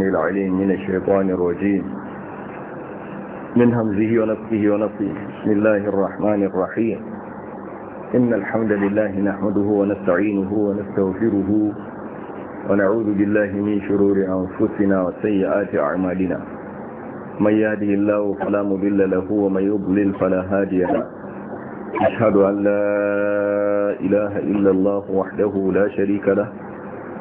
السميع العليم من الشيطان الرجيم من همزه ونفسه ونفسه بسم الله الرحمن الرحيم إن الحمد لله نحمده ونستعينه ونستغفره ونعوذ بالله من شرور أنفسنا وسيئات أعمالنا من يهده الله فلا مضل له ومن يضلل فلا هادي له أشهد أن لا إله إلا الله وحده لا شريك له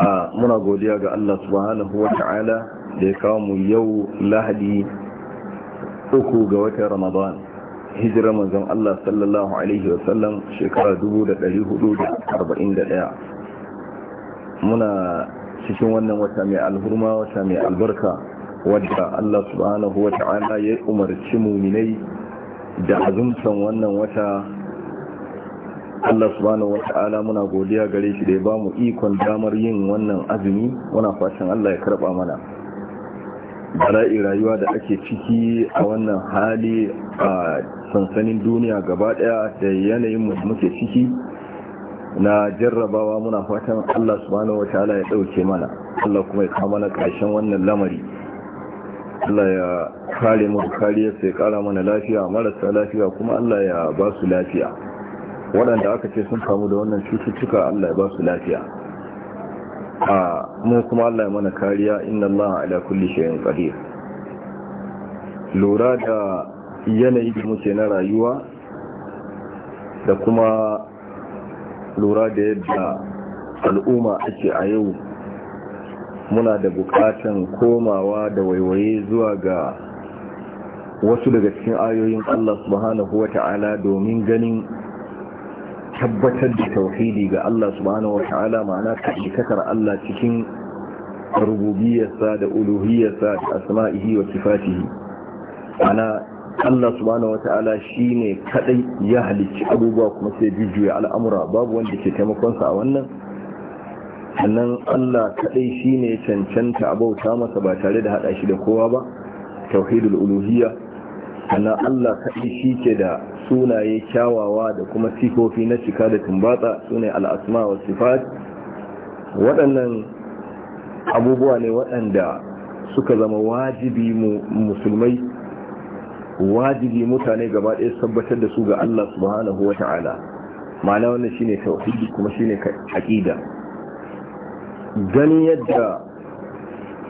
a muna godiya ga Allah subhanahu wa ta'ala da ya kawo mu yau lahadi uku ga watan ramadan hijira manzon Allah sallallahu alaihi wa sallam shekara 1441 muna cikin wannan wata mai alhurma wata mai albarka wadda Allah subhanahu wa ta'ala ya umarci muminai da azumtan wannan wata Allah subhanahu ta'ala muna godiya gare shi da ya bamu ikon damar yin wannan azumi muna fatan Allah ya karba mana bala'i rayuwa da ake ciki a wannan hali a sansanin duniya gaba daya da yanayin mu muke ciki na jarrabawa muna fatan Allah subhanahu wata'ala ya dauke mana Allah kuma ya kawo mana karshen wannan lamari Allah ya kare mu kariya sai kara mana lafiya marasa lafiya kuma Allah ya ba su lafiya waɗanda aka ce sun kamu da wannan cututtuka Allah ya ba su lafiya a mu kuma Allah ya mana kariya inna Allah ala kulli shay'in qadir lura da yanayi da muke na rayuwa da kuma lura da yadda al'umma ake a yau muna da bukatan komawa da waiwaye zuwa ga wasu daga cikin ayoyin Allah subhanahu wa ta'ala domin ganin tabbatar da tauhidi ga Allah subhanahu wa ta'ala ma'ana ikatar Allah cikin rububiyarsa da uluhiyarsa da asma'ihi wa sifatihi ana Allah subhanahu wa ta'ala shine kadai ya halicci abubuwa kuma sai jujjuya al'amura babu wanda ke taimakon sa a wannan sannan Allah kadai shine ya cancanta abauta masa ba tare da hada shi da kowa ba tauhidul uluhiyya ana Allah kaɗai shi ke da sunaye kyawawa da kuma sifofi na cika da tumbatsa ne al'asma wa sifat waɗannan abubuwa ne waɗanda suka zama wajibi musulmai wajibi mutane gaba ɗaya tabbatar da su ga Allah subhanahu wa ta'ala ma'ana wannan shine tauhidi kuma shine aqida gani yadda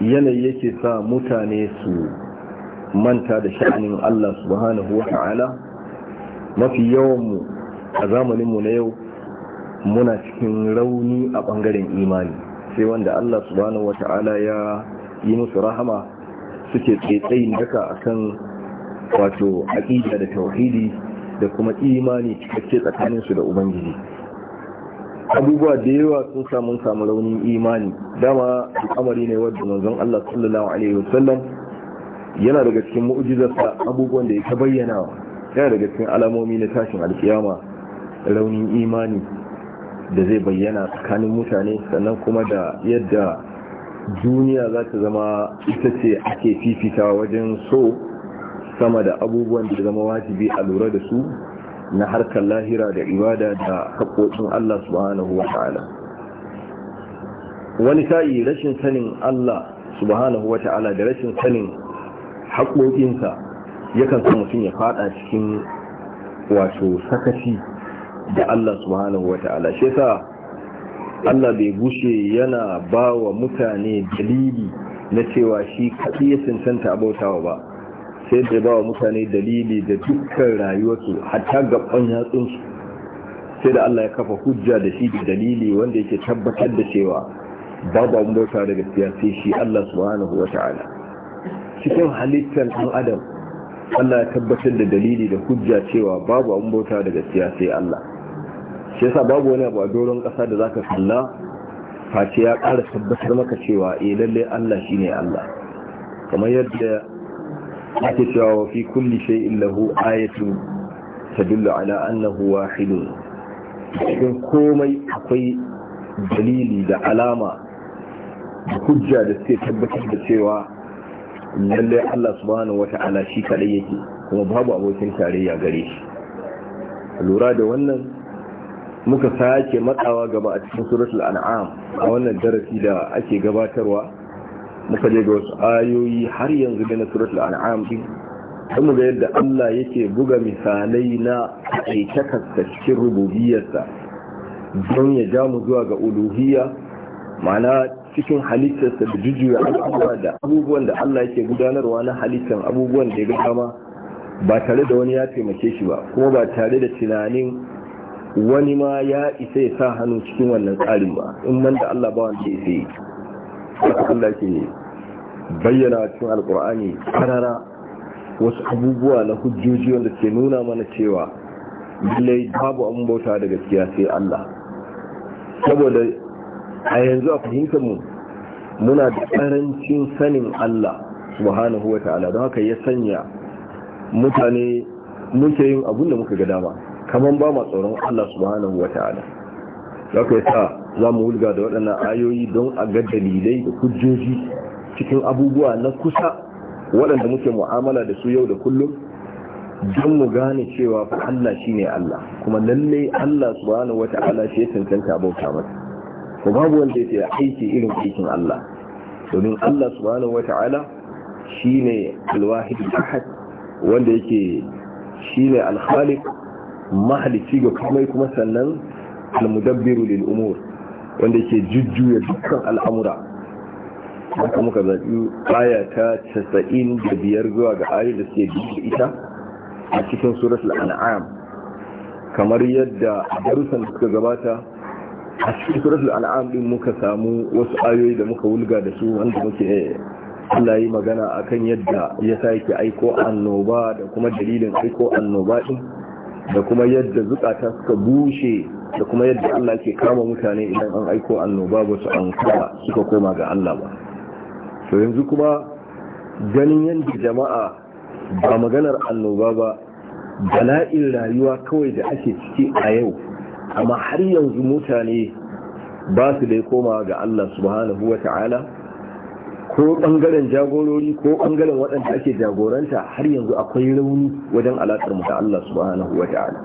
yanayi yake sa mutane su manta da sha'anin Allah subhanahu wa ta'ala mafi yawanmu a zamaninmu na yau muna cikin rauni a ɓangaren imani sai wanda Allah subhanahu wa ta'ala ya yi musu rahama suke tsaitsayin daka akan wato aƙida da tauhidi da kuma imani cikakke tsakaninsu da ubangiji abubuwa da yawa sun samu samu raunin imani dama al'amari ne wadda manzon Allah sallallahu alaihi wasallam yana daga cikin mu'jizarsa abubuwan da ya bayyana yana daga cikin alamomi na tashin alkiyama raunin imani da zai bayyana tsakanin mutane sannan kuma da yadda duniya za ta zama ita ce ake fifita wajen so sama da abubuwan da zama wajibi a lura da su na harkar lahira da ibada da haƙoƙin Allah subhanahu wa ta'ala wani sa'i rashin sanin Allah subhanahu wa ta'ala da rashin sanin haƙoƙinsa kan sa mutum ya faɗa cikin wato sakaci da Allah subhanahu wata'ala shi yasa Allah bai gushe yana ba wa mutane dalili na cewa shi kaɗi ya cancanta abautawa ba sai da ba wa mutane dalili da dukkan rayuwarsu hatta gaban yatsunsu sai da Allah ya kafa hujja da shi da dalili wanda yake tabbatar da cewa babu abin bauta da gaskiya sai shi Allah subhanahu wata'ala cikin halittar ɗan adam Allah ya tabbatar da dalili da hujja cewa babu an bauta daga gaskiya Allah shi yasa babu wani abu a doron ƙasa da za ka kalla face ya ƙara tabbatar maka cewa e eh, lalle Allah shi ne Allah kamar yadda ake cewa wa fi kulli shay'in lahu ta tadullu ala annahu wahidun cikin komai akwai dalili da alama da hujja da suke tabbatar da cewa lallai Allah subhanahu wata'ala shi kadai yake kuma babu abokin tarayya gare shi lura da wannan muka sake matsawa gaba a cikin suratul an'am a wannan darasi da ake gabatarwa muka je ga wasu ayoyi har yanzu da na suratul an'am din kuma ga yadda Allah yake buga misalai na aikakarsa cikin rububiyarsa don ya ja mu zuwa ga uluhiyya ma'ana cikin halittarsa da jujjuya al'amura da abubuwan da Allah yake gudanarwa na halittar abubuwan da ya ga dama ba tare da wani ya taimake shi ba kuma ba tare da tunanin wani ma ya isa ya sa hannu cikin wannan tsarin ba in man da Allah ba wanda ya sai Allah ke bayyana cikin alkur'ani karara wasu abubuwa na hujjoji wanda ke nuna mana cewa lallai babu an bauta da gaskiya sai Allah saboda a yanzu a fahimtar mu muna da ƙarancin sanin Allah subhanahu wa ta'ala don haka ya sanya mutane muke yin abun da muka ga dama kamar ba ma tsoron Allah subhanahu wa ta'ala za ka sa za mu wulga da waɗannan ayoyi don a ga dalilai da kujjoji cikin abubuwa na kusa waɗanda muke mu'amala da su yau da kullum don mu gane cewa Allah shi ne Allah kuma lallai Allah subhanahu wa ta'ala shi ya tantanta bauta masa ko babu wanda yake aiki irin aikin Allah domin Allah subhanahu wata'ala shine al-wahid al-ahad wanda yake shine al-khaliq mahalici ga komai kuma sannan al-mudabbiru lil umur wanda yake jujjuya dukkan al'amura haka muka zaɓi aya ta da biyar zuwa ga ayoyin da suke biyu ita a cikin suratul an'am kamar yadda darussan da suka gabata a cikin suratul al'am din muka samu wasu ayoyi da muka wulga da su wanda muke eh, Allah yi magana akan yadda ya sake aiko annoba da kuma dalilin aiko annoba din da kuma yadda zukata suka bushe da kuma yadda Allah ke kama mutane idan an aiko annoba ba su an suka koma ga Allah ba to yanzu kuma ganin yadda jama'a ba maganar annoba ba bala'in rayuwa kawai da ake ciki a yau amma har yanzu mutane ba su da koma ga Allah subhanahu wa ta'ala ko bangaren jagorori ko bangaren waɗanda ake jagoranta har yanzu akwai rauni wajen alaƙar mu da Allah subhanahu wa ta'ala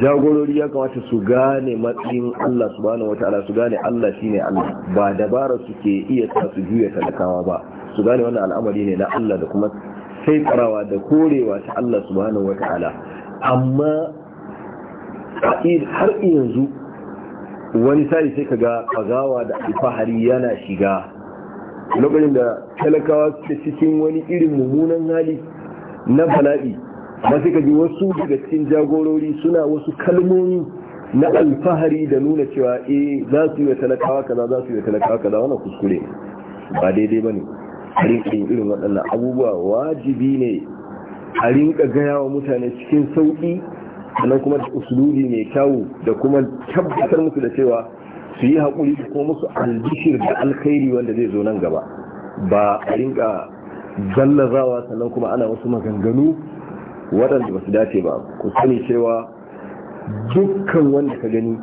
jagorori ya kamata su gane matsayin Allah subhanahu wa ta'ala su gane Allah shine Allah ba dabara suke iya ta su juya talakawa ba su gane wannan al'amari ne na Allah da kuma sai karawa da korewa ta Allah subhanahu wa ta'ala amma har yanzu wani sai sai kaga kazawa da alfahari yana shiga lokacin da talakawa suke cikin wani irin mummunan hali na bala'i ba sai kaji wasu daga cikin jagorori suna wasu kalmomi na alfahari da nuna cewa eh za su yi talakawa kaza za su yi talakawa kaza wannan kuskure ba daidai bane rinkin irin waɗannan abubuwa wajibi ne a rinka gaya wa mutane cikin sauƙi sannan kuma da usulubi mai kyawu da kuma tabbatar musu da cewa su yi haƙuri ko musu albishir da alkhairi wanda zai zo nan gaba ba a rinka zallazawa sannan kuma ana wasu maganganu waɗanda ba su dace ba ku sani cewa dukkan wanda ka gani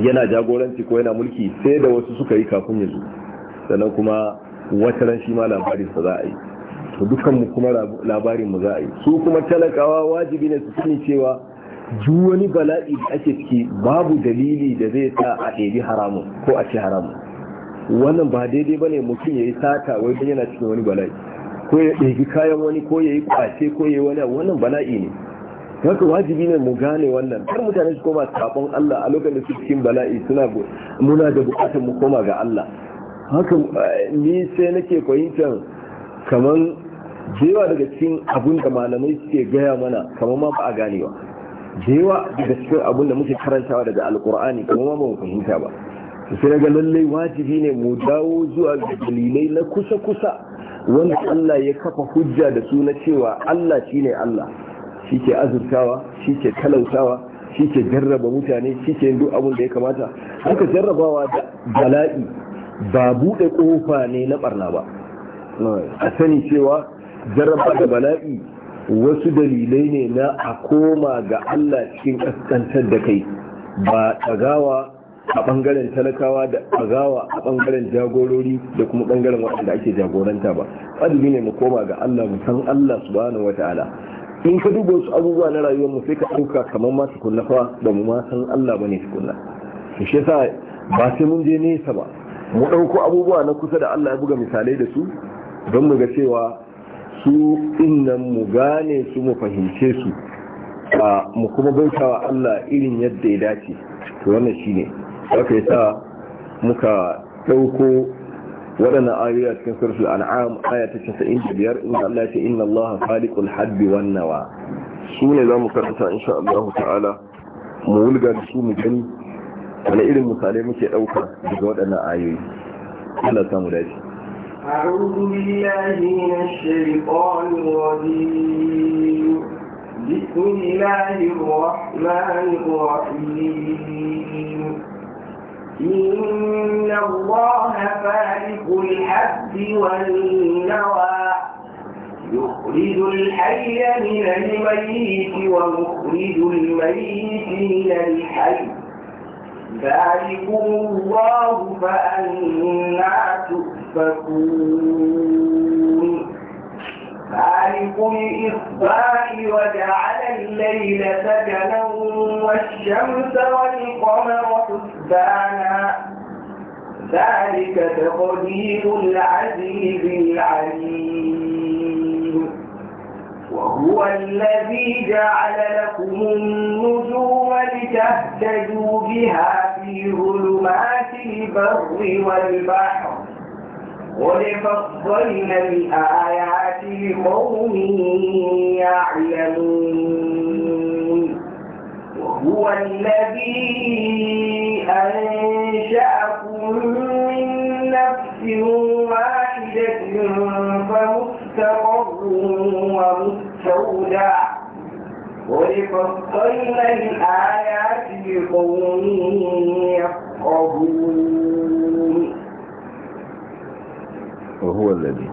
yana jagoranci ko yana mulki sai da wasu suka yi kafin yanzu sannan kuma wata ran shi ma labarin sa za a yi to dukkanmu kuma labarin mu za a yi su kuma talakawa wajibi ne su sani cewa ju wani bala'i da ake ciki babu dalili da zai sa a ɗebi haramun ko a ce haramun wannan ba daidai ba ne mutum ya yi sata wai don yana cikin wani bala'i ko ya ɗebi kayan wani ko ya yi ƙwace ko ya yi wani wannan bala'i ne yanka wajibi ne mu gane wannan kar mutane su koma sabon Allah a lokacin su cikin bala'i suna muna da bukatar mu koma ga Allah haka eh, ni sai nake fahimtar kamar jewa daga cikin abun da malamai suke gaya mana kama ma ba a ganewa ba jewa daga cikin abun da muke karantawa daga alkur'ani kamar ma ba mu fahimta ba sai daga lallai wajibi ne mu dawo zuwa ga dalilai na kusa-kusa wanda Allah ya kafa hujja da su na cewa Allah shine Allah shi ke azurtawa shi ke talautawa shi ke jarraba mutane shi ke duk abin da ya kamata haka jarrabawa da bala'i ba buɗe ƙofa ne na ɓarna ba a sani cewa jarraba da bala'i wasu dalilai ne na a koma ga Allah cikin kaskantar da kai ba gawa a bangaren talakawa da gawa a bangaren jagorori da kuma bangaren waɗanda ake jagoranta ba wajibi ne mu koma ga Allah mu san Allah subhanahu wataala in ka duba wasu abubuwa na rayuwar mu sai ka ɗauka kamar ma kunna fa da mu ma san Allah bane su kunna shi yasa ba sai mun je nesa ba mu ɗauko abubuwa na kusa da Allah ya buga misalai da su don mu ga cewa su innan mu gane su mu fahimce su mu kuma bautawa Allah irin yadda ya dace to wannan shine sa yasa muka dauko waɗannan ayoyi a cikin suratul an'am aya ta 95 inda Allah ya ce inna Allah khaliqul habbi wan nawa sune zamu karanta insha Allah ta'ala mu wulga da su mu gani wani irin misalai muke ɗauka daga waɗannan ayoyi Allah samu dace أعوذ بالله من الشيطان الرجيم بسم الله الرحمن الرحيم إن الله فالق الحب والنوى يخرج الحي من الميت ومخرج الميت من الحي ذلكم الله فأنا تؤمنون تؤفكون خالق الإخبار وجعل الليل سكنا والشمس والقمر حسبانا ذلك تقدير العزيز العليم وهو الذي جعل لكم النجوم لتهتدوا بها في ظلمات البر والبحر ولفضلنا الآيات لقوم يعلمون وهو الذي أنشأكم من نفس واحدة فمستقر ومستودع ولفضلنا الآيات لقوم يفقهون وهو الذي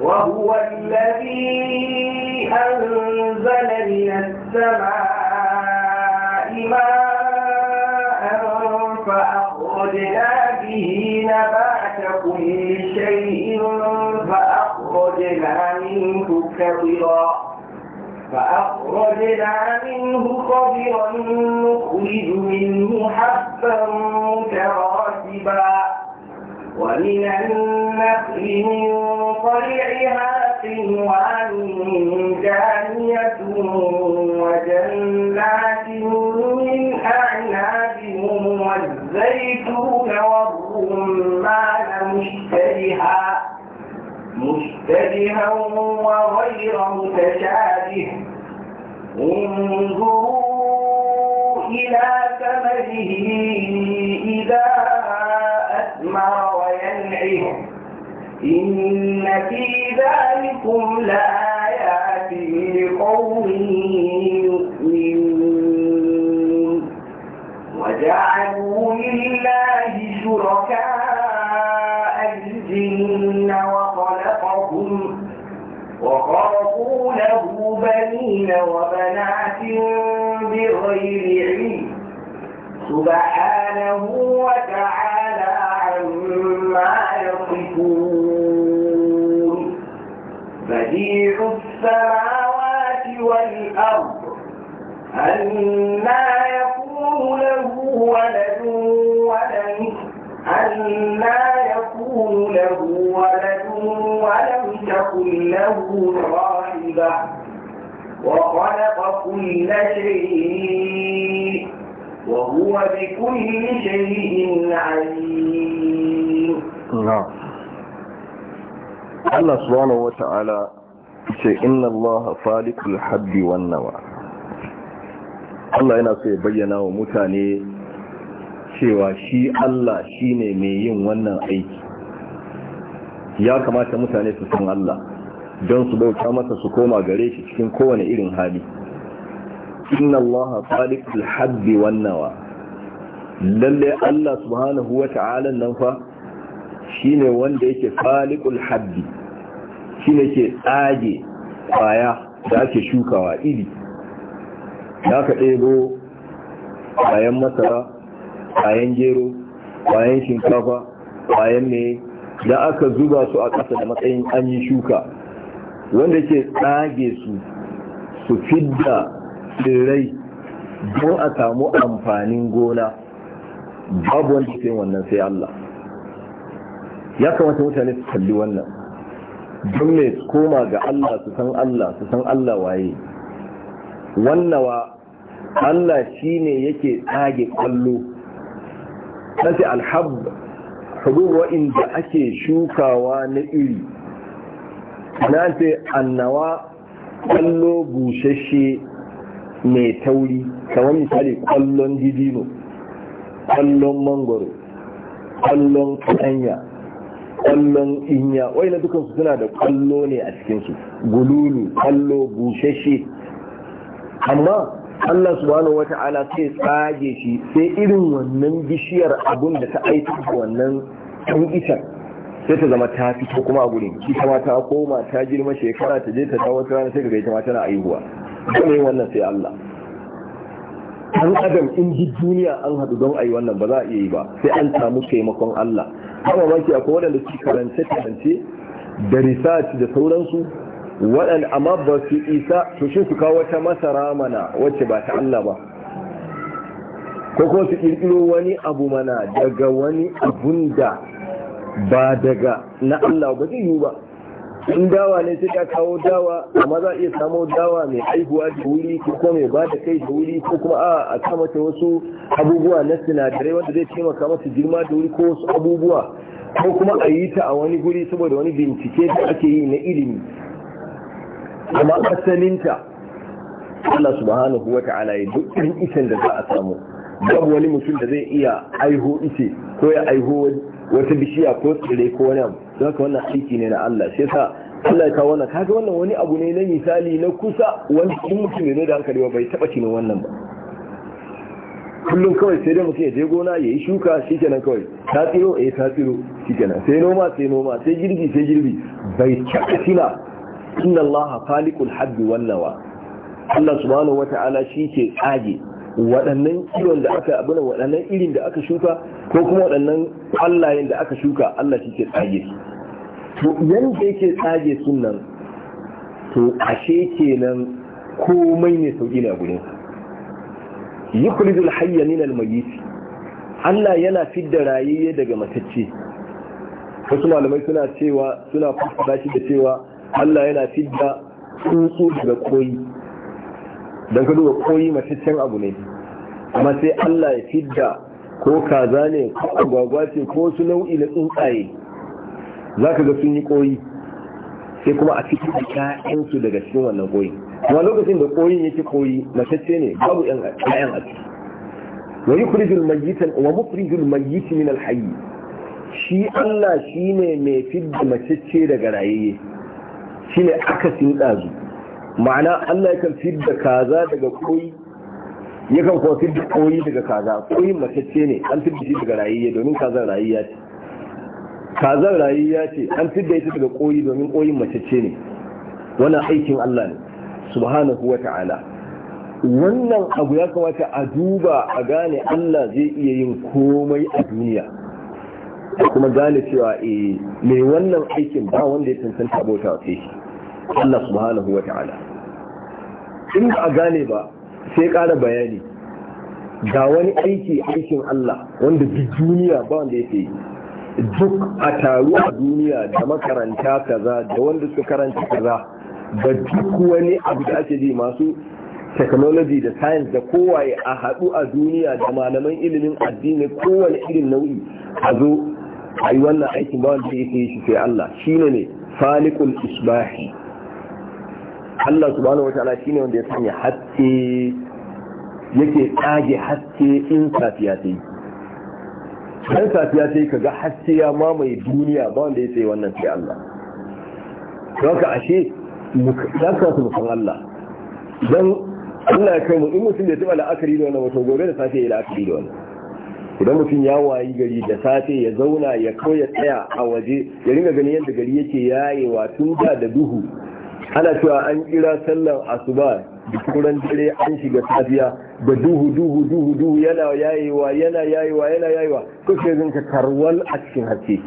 وهو الذي أنزل من السماء ماء فأخرجنا به نبات كل شيء فأخرجنا منه كبرا فأخرجنا منه خضرا نخرج منه حبا متراكبا ومن النخل من طلعها سنوان جانية وجنات من أعناب والزيتون والرمان مشتبها مشتبها وغير متشابه انظروا إلى ثمره إذا أثمر إن في ذلكم لآيات لقوم يؤمنون وجعلوا لله شركاء الجن وخلقهم وخلقوا له بنين وبنات بغير علم سبحانه وتعالى عما يصفون بديع السماوات والأرض أنا يكون له ولد ولم أنا يكون له ولد ولم تكن له صاحبة وخلق كل شيء وهو بكل شيء عليم نعم Allah subhanahu wata'ala ce inna Allah falikul habbi wan nawa Allah yana so ya bayyana wa mutane cewa shi Allah shine mai yin wannan aiki ya kamata mutane su san Allah don su bauta masa su koma gare shi cikin kowane irin hali inna Allah falikul habbi wan nawa lalle Allah subhanahu wata'ala nan fa shine wanda yake falikul shi shine ke tsage kwaya da ake shukawa iri da ka ɗebo kwayan masara kwayan gero kwayan shinkafa kwayan mai da aka zuba su a ƙasa da matsayin an yi shuka wanda ke tsage su su fidda tsirrai don a samu amfanin gona babu wanda ke wannan sai Allah ya kamata mutane su kalli wannan don me su koma ga Allah su san Allah su san Allah waye wannawa Allah shi ne yake tsage kwallo ce alhab hudud inda ake shukawa na iri na ce annawa kwallo bushashe mai tauri kamar misali kwallon didino kwallon mangoro kwallon kanya kwallon inya na dukansu suna da kwallo ne a cikinsu gululu kwallo bushashe amma Allah subhanahu wata'ala sai tsage shi sai irin wannan bishiyar abun da ta aiki wannan kan ita sai ta zama ta fito kuma a gurin shi kuma ta koma ta girma shekara ta je ta dawo ta rana sai ga ita ma tana aihuwa kuma yin wannan sai Allah an adam in ji duniya an haɗu don a yi wannan ba za a iya yi ba sai an samu taimakon Allah kama maki akwai waɗanda su karance-karance da research da sauransu waɗanda amma ba su isa to shi su kawo wata masara mana wacce ba ta Allah ba ko kuma su ƙirƙiro wani abu mana daga wani abun da ba daga na Allah ba zai yi ba in dawa ne sai ka kawo dawa amma za a iya samo dawa mai aihuwa da wuri ko kuma mai ba da kai da wuri ko kuma a a mata wasu abubuwa na sinadarai wanda zai taimaka masa girma da wuri ko wasu abubuwa ko kuma a yi ta a wani guri saboda wani bincike da ake yi na ilimi amma asalinta Allah subhanahu wa ta'ala ya duk irin isan da za a samu babu wani mutum da zai iya aiho ice ko ya aiho wata bishiya ko tsire ko wani abu don haka wannan aiki ne na Allah shi sa Allah ya kawo wannan kaga wannan wani abu ne na misali na kusa wani kin mutum ne da hankali ba bai taba tunan wannan ba kullum kawai sai dai mutum ya je gona ya yi shuka kenan kawai ta tsiro eh ta tsiro kenan sai noma sai noma sai girbi sai girbi bai taba tuna inna Allah khaliqul habbi wan nawa Allah subhanahu wata'ala shi ke tsage waɗannan kiwon da aka abin waɗannan irin da aka shuka ko kuma waɗannan kwallayen da aka shuka Allah shi ke tsage su to yanda yake tsage sun nan to ashe kenan komai ne sau na gudun yi kulidul min al Allah yana fidda rayayye daga matacce wasu malamai suna cewa suna fassara shi da cewa Allah yana fidda tsuntsu daga koyi don ka koyi mataccen abu ne amma sai Allah ya fidda ko kaza ne ko agwagwa ce ko su nau'i na tsuntsaye za ka ga sun yi koyi sai kuma a cikin da ƴaƴansu daga cikin wannan koyi kuma lokacin da koyin yake koyi matacce ne babu ƴaƴan a ciki wa yukhrijul mayyitan wa min al shi Allah ne mai fidda matacce daga rayayye shine aka sun ɗazu ma'ana Allah yakan fidda kaza daga koyi yakan kuwa fi koyi daga kaza koyin matacce ne an fi shi daga rayayya domin kazan rayayya ce kazan rayayya ce an fi ita daga koyi domin koyin matacce ne wannan aikin Allah ne subhanahu wa ta'ala wannan abu ya kamata a duba a gane Allah zai iya yin komai a duniya da kuma gane cewa eh mai wannan aikin ba wanda ya tantance abota wa sai Allah subhanahu wa ta'ala in ba a gane ba sai ƙara bayani ga wani aiki aikin Allah wanda duk duniya ba wanda yake yi duk a taru a duniya da makaranta kaza da wanda suka karanta kaza da duk wani abu da ake ji masu technology da science da kowaye a haɗu a duniya da malaman ilimin addini kowane irin nau'i a zo a yi wannan aikin ba wanda yake yi shi sai Allah shine ne falikul isbahi Allah subhanahu wataala shine wanda ya sanya haske yake kage haske in safiya ta yi ɗan safiya ta yi kaga haske ya mamaye duniya ba wanda ya sai wannan sai Allah don ka ashe za ka su san Allah don Allah ya kai mu in mutum da taba la'akari da wani wato gobe da safe ya la'akari da wani idan mutum ya wayi gari da safe ya zauna ya koya tsaya a waje ya ringa ganin yadda gari yake yayewa tun da da duhu ana cewa an kira sallar asuba da kuran dare an shiga safiya da duhu duhu duhu duhu yana yayewa yana yayewa yana yayewa ko sai zan ka tarwal a cikin haske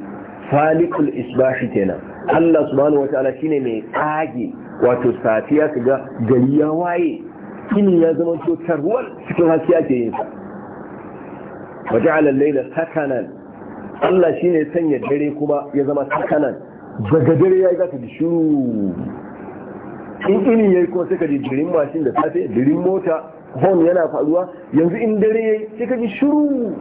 falikul isbahi kenan Allah subhanahu wataala shine mai tsage wato safiya kaga gari ya waye kini ya zama to tarwal cikin haske ake yin sa ja'ala al-layla sakanan Allah shine sanya dare kuma ya zama sakanan daga dare ya ga ta shiru in ini yi kuma sai ka ji jirin mashin da safe jirin mota hon yana faruwa yanzu in dare yayi sai ka ji shiru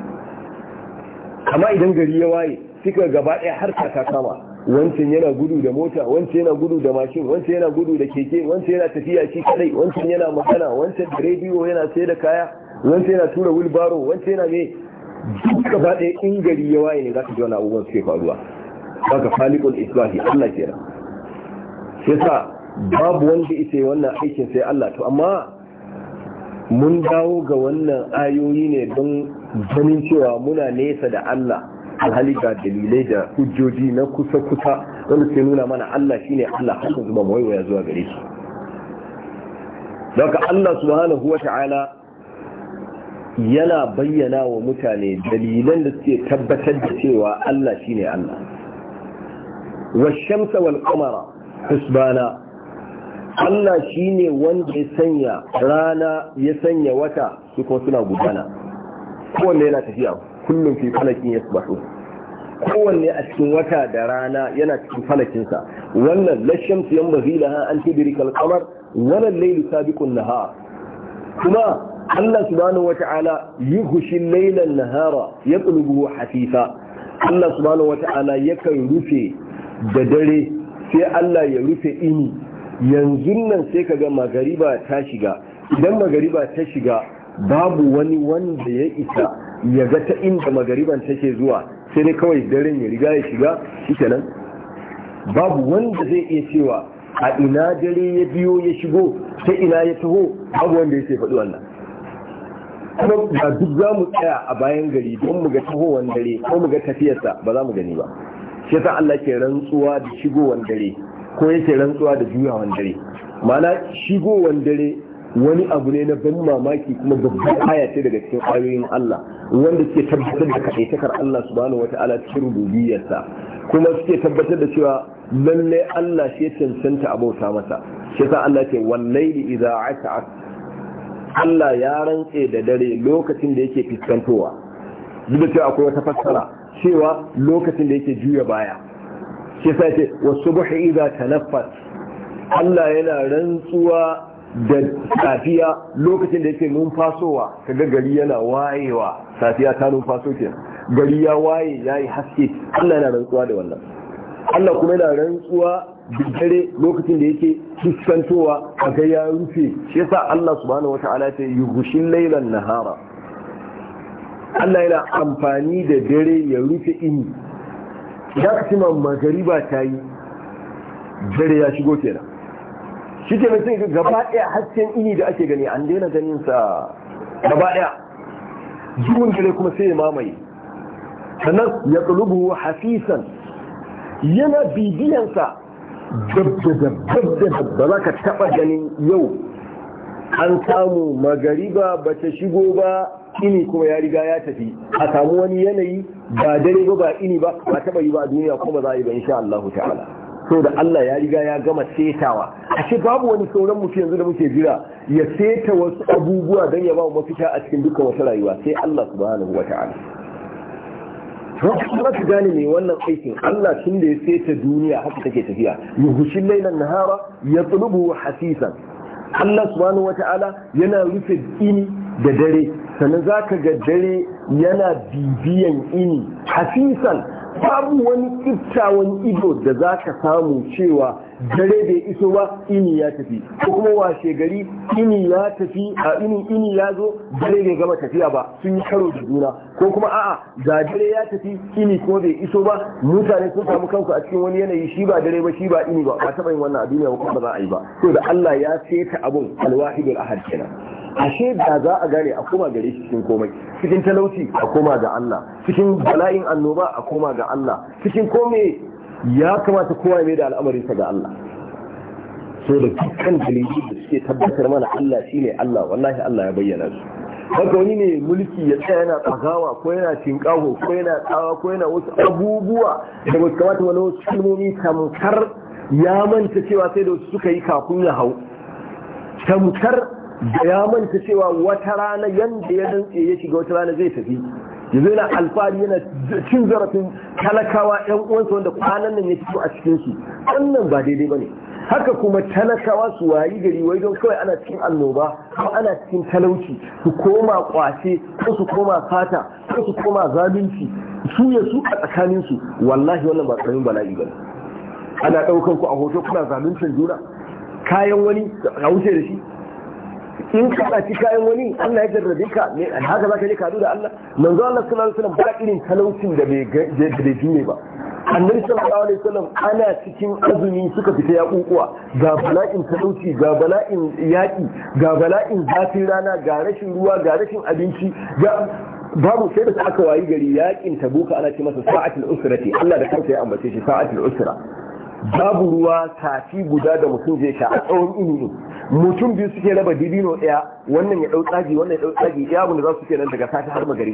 kama idan gari ya waye sai ka gaba ɗaya har ka kama wancan yana gudu da mota wancan yana gudu da mashin wancan yana gudu da keke wancan yana tafiya shi kadai wancan yana magana wancan da rediyo yana sai da kaya wancan yana tura wilbaro wancan yana ne duk ba ɗaya in gari ya waye ne za ka ji wani abubuwan suke faruwa baka falikul islahi Allah kenan sai babu wanda ita wannan aikin sai Allah to amma mun dawo ga wannan ayoyi ne don ganin cewa muna nesa da Allah alhali ga dalilai da hujjoji na kusa-kusa wanda sai nuna mana Allah shine Allah haka zuba waiwaya zuwa gare shi daga Allah subhanahu ta'ala yana bayyana wa mutane dalilan da suke tabbatar da cewa Allah shine Allah Wa Shamsa wal kamara hisbana Allah shi ne wanda ya sanya rana ya sanya wata su kuma suna gudana kowanne yana tafiya kullum fi falakin ya subasu kowanne a cikin wata da rana yana cikin falakinsa wannan lashin su yan bazi laha an tibiri kalkamar wannan lailu sabiqun nahar kuma Allah subhanahu wata'ala yughshil layla an-nahara yatlubuhu hasifa Allah subhanahu wata'ala yakan rufe da dare sai Allah ya rufe ini yanzu nan sai ka ga magariba ta shiga idan magariba ta shiga babu wani wanda ya isa ya ga ta inda magariban take zuwa sai dai kawai daren ya riga ya shiga shikenan babu wanda zai iya cewa a ina dare ya biyo ya shigo ta ina ya taho babu wanda ya ce faɗi wannan kuma ga duk za mu tsaya a bayan gari don mu ga tahowan dare ko mu ga tafiyarsa ba za mu gani ba shi ta Allah ke rantsuwa da shigowan dare ko yake rantsuwa da juyawan dare mana shigowan dare wani abu ne na ban mamaki kuma babban aya ce daga cikin ayoyin Allah wanda suke tabbatar da kaɗaitakar Allah subhanahu wata'ala cikin rububiyarsa kuma suke tabbatar da cewa lalle Allah shi ya cancanta abauta masa shi yasa Allah ce wallahi idza ata Allah ya rantse da dare lokacin da yake fuskantowa duk da cewa akwai wata fassara cewa lokacin da yake juya baya shi wasu buhi iza tanaffas Allah yana rantsuwa da safiya lokacin da yake numfasowa kaga gari yana wayewa safiya ta numfaso ke gari ya waye ya haske Allah yana rantsuwa da wannan Allah kuma yana rantsuwa da dare lokacin da yake fuskantowa kaga ya rufe shi yasa Allah subhanahu wata'ala yi gushin laylan nahara Allah yana amfani da dare ya rufe ini idan cima magariba ta yi dare ya shigo kenan shi ke sai gaba ɗaya hasken ini da ake gani an daina ganin sa gaba ɗaya duhun kuma sai ya mamaye sannan ya ƙulubu hafisan yana bibiyansa dabda ba za ka taɓa ganin yau an samu magariba ba ta shigo ba ini kuma ya riga ya tafi a samu wani yanayi ba dare ba ba ini ba ba taba yi ba a duniya kuma za a yi ba insha Allah ta'ala so da Allah ya riga ya gama setawa ashe babu wani sauran mutum yanzu da muke jira ya seta wasu abubuwa don ya ba mu mafita a cikin dukkan wata rayuwa sai Allah subhanahu wa ta'ala Kuma ku gane mai wannan aikin Allah tun da ya seta duniya haka take tafiya yuhushin lailan nahara ya tsulubu hasisan Allah subhanahu wa ta'ala yana rufe ini da dare sannan za ka ga dare yana bibiyan ini hafisan babu wani tsiftawan ido da za ka samu cewa dare bai iso ba ini ya tafi ko kuma washe gari ini ya tafi a ini ini ya zo dare bai gama tafiya ba sun yi karo da juna ko kuma a'a ga dare ya tafi ini ko bai iso ba mutane sun samu kanku a cikin wani yanayi shi ba dare ba shi ba ini ba ba taba yin wannan a duniya ba za a yi ba to da Allah ya seta abun alwahidul ahad kenan ashe da za a gane a koma gare shi cikin komai cikin talauci a koma ga Allah cikin bala'in annoba a koma ga Allah cikin komai ya kamata kowa mai da al'amari ga Allah so da dukkan dalilai da suke tabbatar mana Allah shine Allah wallahi Allah ya bayyana su haka wani ne mulki ya tsaya yana tsagawa ko yana tinkaho ko yana tsawa ko yana wasu abubuwa da ba kamata wani wasu kalmomi tamkar ya manta cewa sai da wasu suka yi kafin ya hau tamkar da ya manta cewa wata rana yanda ya dantse ya shiga wata rana zai tafi yanzu yana alfahari yana cin zarafin talakawa yan uwansa wanda kwanan nan ya fito a cikin su wannan ba daidai bane haka kuma talakawa su wayi gari wai don kawai ana cikin annoba ko ana cikin talauci su koma kwace ko su koma fata ko su koma zalunci su ya su a tsakanin wallahi wannan ba tsarin bala'i bane ana daukan ku a hoto kuna zaluncin juna kayan wani a wuce da shi in ka ɗaci kayan wani Allah ya jarrabe ka ne haka za ka je kadu da Allah manzo Allah sallallahu alaihi wasallam ba irin talaucin da bai da jure ba annabi sallallahu alaihi wasallam ana cikin azumi suka fita ya kukuwa ga bala'in talauci ga bala'in yaƙi ga bala'in zafin rana ga rashin ruwa ga rashin abinci ga babu sai da aka wayi gari yaƙin tabuka ana ce masa sa'atul usrati Allah da kansa ya ambace shi sa'atul usra babu ruwa tafi guda da mutum zai sha a tsawon ilimi mutum biyu suke raba dibino ɗaya wannan ya ɗau tsagi wannan ya ɗau tsagi ya abu da za su ke nan daga sata har ba kai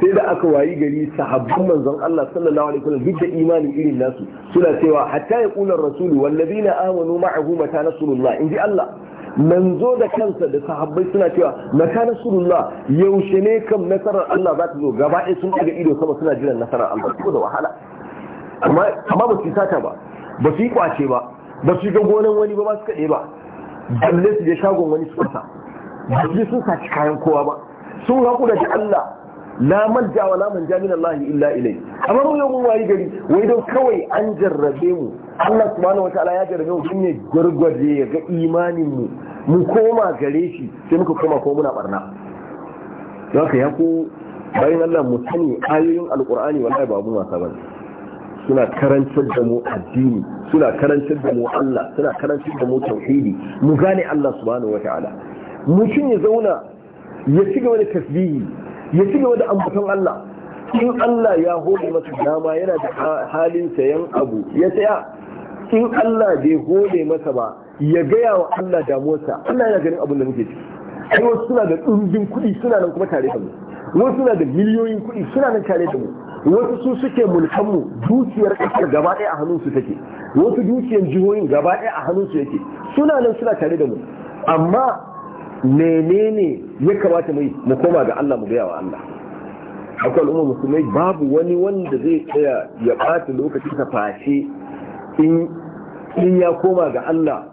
sai da aka wayi gari sahabban manzon Allah sallallahu alaihi wasallam duk da imanin irin nasu suna cewa hatta ya kula rasulu wallazina amanu ma'ahu mata nasrullah inji Allah manzo da kansa da sahabbai suna cewa mata nasrullah yaushe ne kam nasarar Allah za ta zo gaba ɗaya sun daga ido sama suna jiran nasarar Allah ko da wahala amma amma ba su sata ba ba su yi kwace ba ba su ga gonan wani ba ba su kaɗe ba balle su je shagon wani su kasa ba su sun saci kayan kowa ba sun haƙura da Allah la manja wa la manja min Allah illa ilai amma mun yau mun gari wai don kawai an jarrabe mu Allah subhanahu wataala ya jarrabe mu shine gurgurde ya ga imanin mu mu koma gare shi sai muka koma ko muna barna don haka ya ku bayan Allah mu sani ayoyin alqur'ani wallahi ba wasa bane suna karantar da mu addini suna karantar da mu Allah suna karantar da mu tauhidi mu gane Allah subhanahu wataala mutum ya zauna ya ci gaba da tasbihi ya ci gaba da ambaton Allah in Allah ya hore masa dama yana da halin sayan abu ya saya in Allah bai hore masa ba ya gaya wa Allah damuwarsa Allah yana ganin abin da muke ciki ai wasu suna da ɗumbin kuɗi suna nan kuma tare da mu wasu suna da miliyoyin kuɗi suna nan tare da mu wasu su suke mulkanmu dukiyar ƙasar gaba ɗaya a hannun su take wasu dukiyar jihohin gaba ɗaya a hannun su yake suna nan suna tare da mu amma menene ya kamata mu mu koma ga Allah mu gaya wa Allah akwai al'umma musulmai babu wani wanda zai tsaya ya ɓata lokacin sa fashe in ya koma ga Allah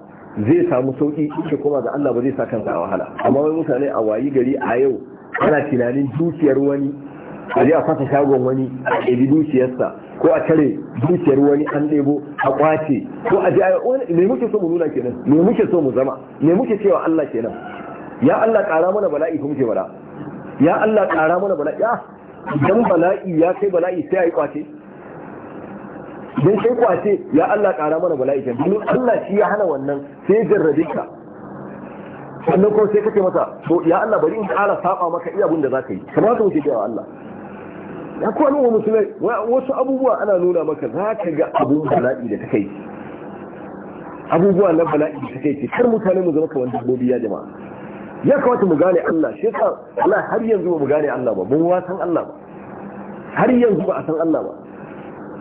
zai samu sauki in ya koma ga Allah ba zai sa kansa a wahala amma mai mutane a wayi gari a yau ana tunanin dukiyar wani a je a fasa shagon wani a ɗabi dukiyarsa ko a tare dukiyar wani an ɗebo a kwace ko a je a me muke so mu nuna kenan me muke so mu zama me muke cewa Allah kenan ya Allah ƙara mana bala'i ko muke bara ya Allah ƙara mana bala'i ya ah, don bala'i ya kai bala'i sai a yi kwace don kai kwace ya Allah ƙara mana bala'i kan domin Allah shi ya hana wannan sai jarrabe ka sannan ko sai kace masa to ya Allah bari in ƙara saba maka iya abin da zaka yi kamar ka muke cewa Allah ya kuwa nuna musulmai wasu abubuwa ana nuna maka za ka ga abun bala'i da ta kai abubuwa na bala'i da ta kai kar mutane mu zama kamar dabbobi ya jama'a ya kamata mu gane Allah shi ka Allah har yanzu ba mu gane Allah ba mun wasan Allah ba har yanzu ba a san Allah ba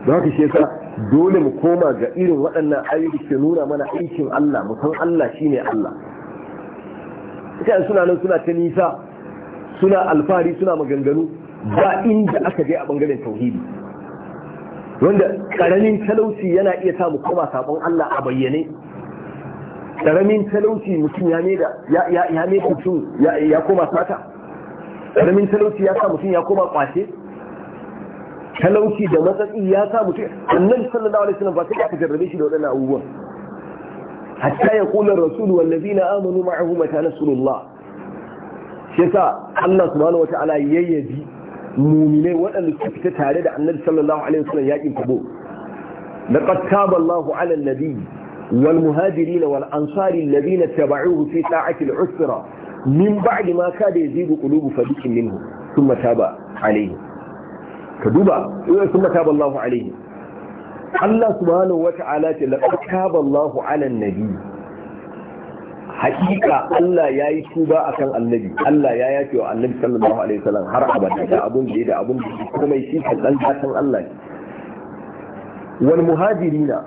za ka shi ka dole mu koma ga irin waɗannan ayyuka ke nuna mana aikin Allah mu san Allah shine Allah mutane suna nan suna ta nisa suna alfahari suna maganganu ba inda aka je a bangaren tauhidi wanda karamin talauci yana iya sa mu koma sabon Allah a bayyane karamin talauci mutum ya ne da ya ne mutum ya koma sata karamin talauci ya sa mutum ya koma kwace talauci da matsatsi ya sa mutum annabi sallallahu alaihi wasallam ba sai aka jarrabe shi da wadannan abubuwan hatta ya kula rasul wal ladina amanu ma'ahu mata nasrullah shi yasa Allah subhanahu wataala yayyabi mumine waɗanda suka fita tare da annabi sallallahu alaihi wasallam yakin kubo laqad taba Allahu ala an-nabi wal muhajirin wal ansari alladhina tabauhu fi sa'ati al-usra min ba'di ma kada yazigu qulubu fadikin minhu thumma taba alaihi ka duba thumma taba Allahu alaihi Allah subhanahu wa ta'ala ce laqad taba Allahu ala an-nabi hakika Allah ya yi tuba a kan annabi Allah ya yafe wa annabi sallallahu alaihi wasallam har abada da abun da da abun da kuma shi ka dan Allah wal muhajirina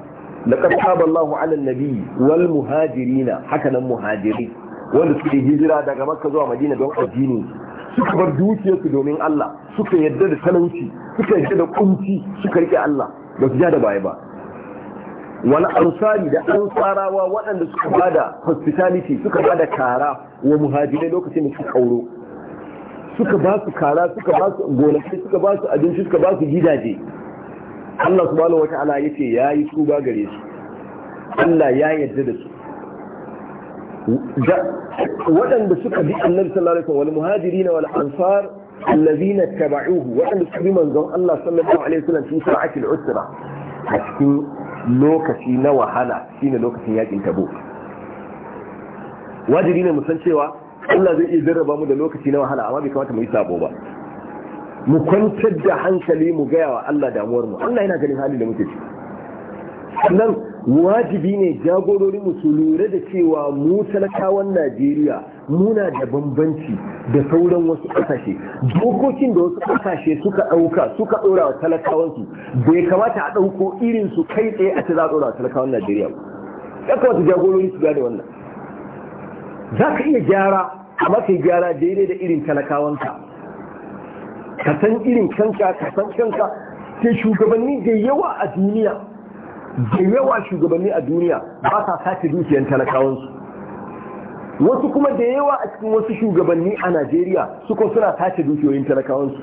laqad taba Allahu ala nabi wal muhajirina haka nan muhajiri wanda suke hijira daga Makka zuwa Madina don addini suka bar dukiyarsu domin Allah suka yadda da talauci suka yadda da kunci suka rike Allah ba su ja da baya ba Wani ansari da ansarawa waɗanda suka bada hospitality suka bada kara wa muhajirai lokacin da suka kauro suka ba su kara suka ba su gonaki suka ba su abinci suka ba su gidaje Allah subhanahu wata'ala ya ce ya yi tuba gare su Allah ya yarda da su waɗanda suka bi annabi sallallahu alaihi wasallam wal muhajirin wal ansar allazina tabauhu waɗanda suka bi manzon Allah sallallahu alaihi wasallam fi sa'atil usra a cikin lokaci na wahala shine lokacin yakin tabo wajibi ne mu cewa Allah zai iya jarraba mu da lokaci na wahala amma bai kamata mu yi sabo ba mu kwantar da hankali mu gaya wa Allah damuwar mu Allah yana ganin hali da muke ciki sannan wajibi ne jagororin mu su lura da cewa mu talakawan Najeriya muna da bambanci da sauran wasu ƙasashe dokokin da wasu ƙasashe suka ɗauka suka ɗora wa talakawansu bai kamata a ɗauko irin su kai tsaye a ce za a ɗora wa talakawan Najeriya ba ya kamata jagorori su gane wannan za ka iya gyara a mafi gyara daidai da irin talakawanka ka san irin kanka ka san kanka sai shugabanni da yawa a duniya da yawa shugabanni a duniya ba sa sace dukiyar talakawansu wasu kuma da yawa a cikin wasu shugabanni a najeriya suka suna tace dukiyoyin talakawansu